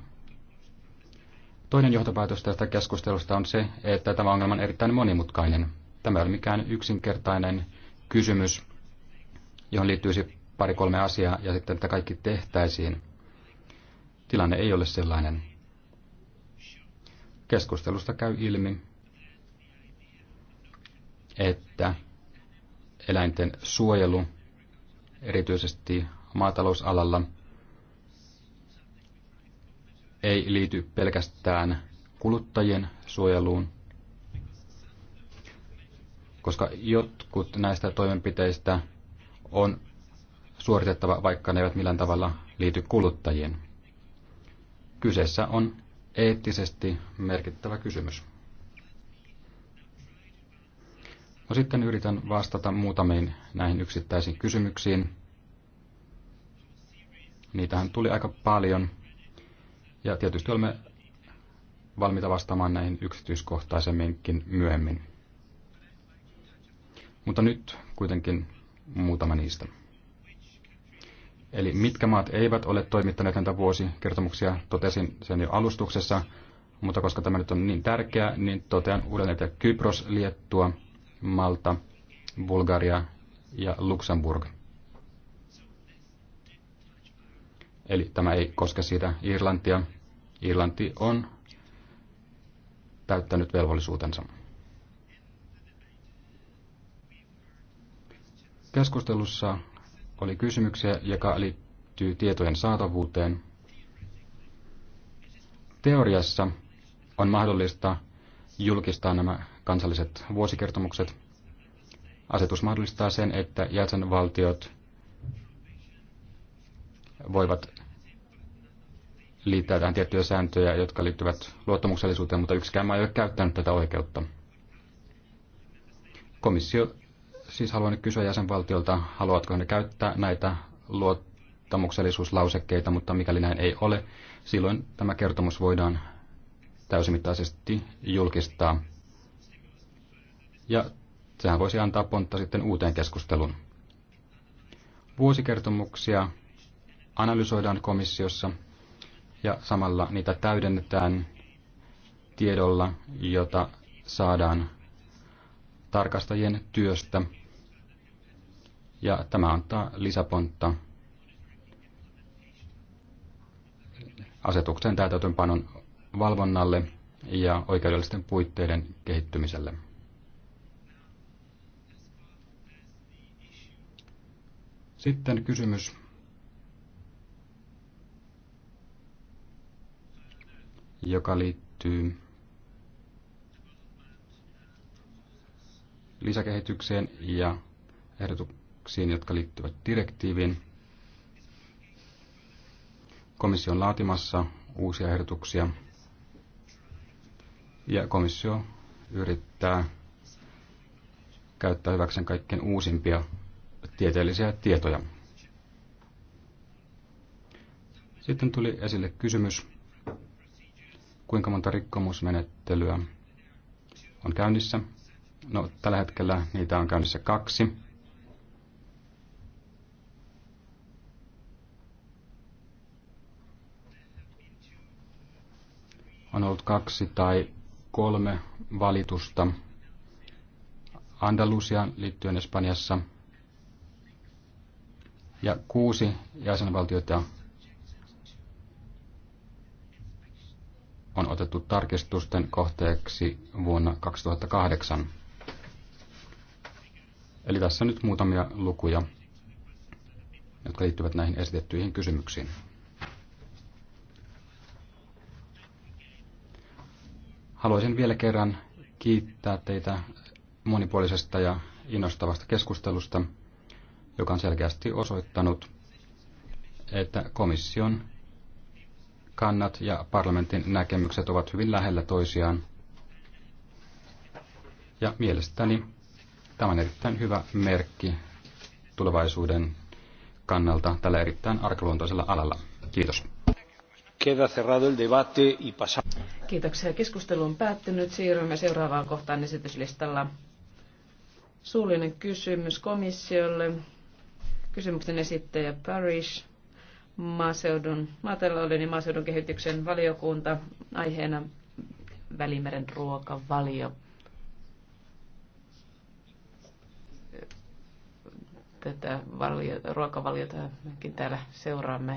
Toinen johtopäätös tästä keskustelusta on se, että tämä ongelma on erittäin monimutkainen. Tämä ei ole mikään yksinkertainen kysymys, johon liittyisi pari-kolme asiaa ja sitten, että kaikki tehtäisiin. Tilanne ei ole sellainen. Keskustelusta käy ilmi, että eläinten suojelu, erityisesti maatalousalalla, ei liity pelkästään kuluttajien suojeluun, koska jotkut näistä toimenpiteistä on suoritettava, vaikka ne eivät millään tavalla liity kuluttajien. Kyseessä on eettisesti merkittävä kysymys. No sitten yritän vastata muutamiin näihin yksittäisiin kysymyksiin. Niitähän tuli aika paljon. Ja tietysti olemme valmiita vastaamaan näihin yksityiskohtaisemminkin myöhemmin. Mutta nyt kuitenkin muutama niistä. Eli mitkä maat eivät ole toimittaneet näitä vuosikertomuksia, totesin sen jo alustuksessa, mutta koska tämä nyt on niin tärkeää, niin totean uudelleen, että Kypros, Liettua, Malta, Bulgaria ja Luxemburg – Eli tämä ei koske sitä Irlantia. Irlanti on täyttänyt velvollisuutensa. Keskustelussa oli kysymyksiä, joka liittyy tietojen saatavuuteen. Teoriassa on mahdollista julkistaa nämä kansalliset vuosikertomukset. Asetus mahdollistaa sen, että jäsenvaltiot voivat liittää tähän tiettyjä sääntöjä, jotka liittyvät luottamuksellisuuteen, mutta yksikään maa ei ole käyttänyt tätä oikeutta. Komissio siis haluaa nyt kysyä jäsenvaltiolta, haluatko ne käyttää näitä luottamuksellisuuslausekkeita, mutta mikäli näin ei ole, silloin tämä kertomus voidaan täysimittaisesti julkistaa. Ja sehän voisi antaa pontta sitten uuteen keskusteluun. Vuosikertomuksia analysoidaan komissiossa ja samalla niitä täydennetään tiedolla, jota saadaan tarkastajien työstä. Ja tämä antaa lisäpontta asetuksen täytäntöönpanon valvonnalle ja oikeudellisten puitteiden kehittymiselle. Sitten kysymys joka liittyy lisäkehitykseen ja ehdotuksiin, jotka liittyvät direktiiviin. Komissio on laatimassa uusia ehdotuksia ja komissio yrittää käyttää hyväkseen kaikkein uusimpia tieteellisiä tietoja. Sitten tuli esille kysymys, kuinka monta rikkomusmenettelyä on käynnissä. No, tällä hetkellä niitä on käynnissä kaksi. On ollut kaksi tai kolme valitusta Andalusiaan liittyen Espanjassa. Ja kuusi jäsenvaltiota on otettu tarkistusten kohteeksi vuonna 2008. Eli tässä nyt muutamia lukuja, jotka liittyvät näihin esitettyihin kysymyksiin. Haluaisin vielä kerran kiittää teitä monipuolisesta ja innostavasta keskustelusta, joka on selkeästi osoittanut, että komission kannat ja parlamentin näkemykset ovat hyvin lähellä toisiaan. Ja mielestäni tämä on erittäin hyvä merkki tulevaisuuden kannalta tällä erittäin arkaluontoisella alalla. Kiitos. Kiitoksia. Keskustelu on päättynyt. Siirrymme seuraavaan kohtaan esityslistalla. Suullinen kysymys komissiolle. Kysymyksen esittäjä Parish maaseudun, maatalouden ja maaseudun kehityksen valiokunta aiheena Välimeren ruokavalio. Tätä valio, ruokavaliota mekin täällä seuraamme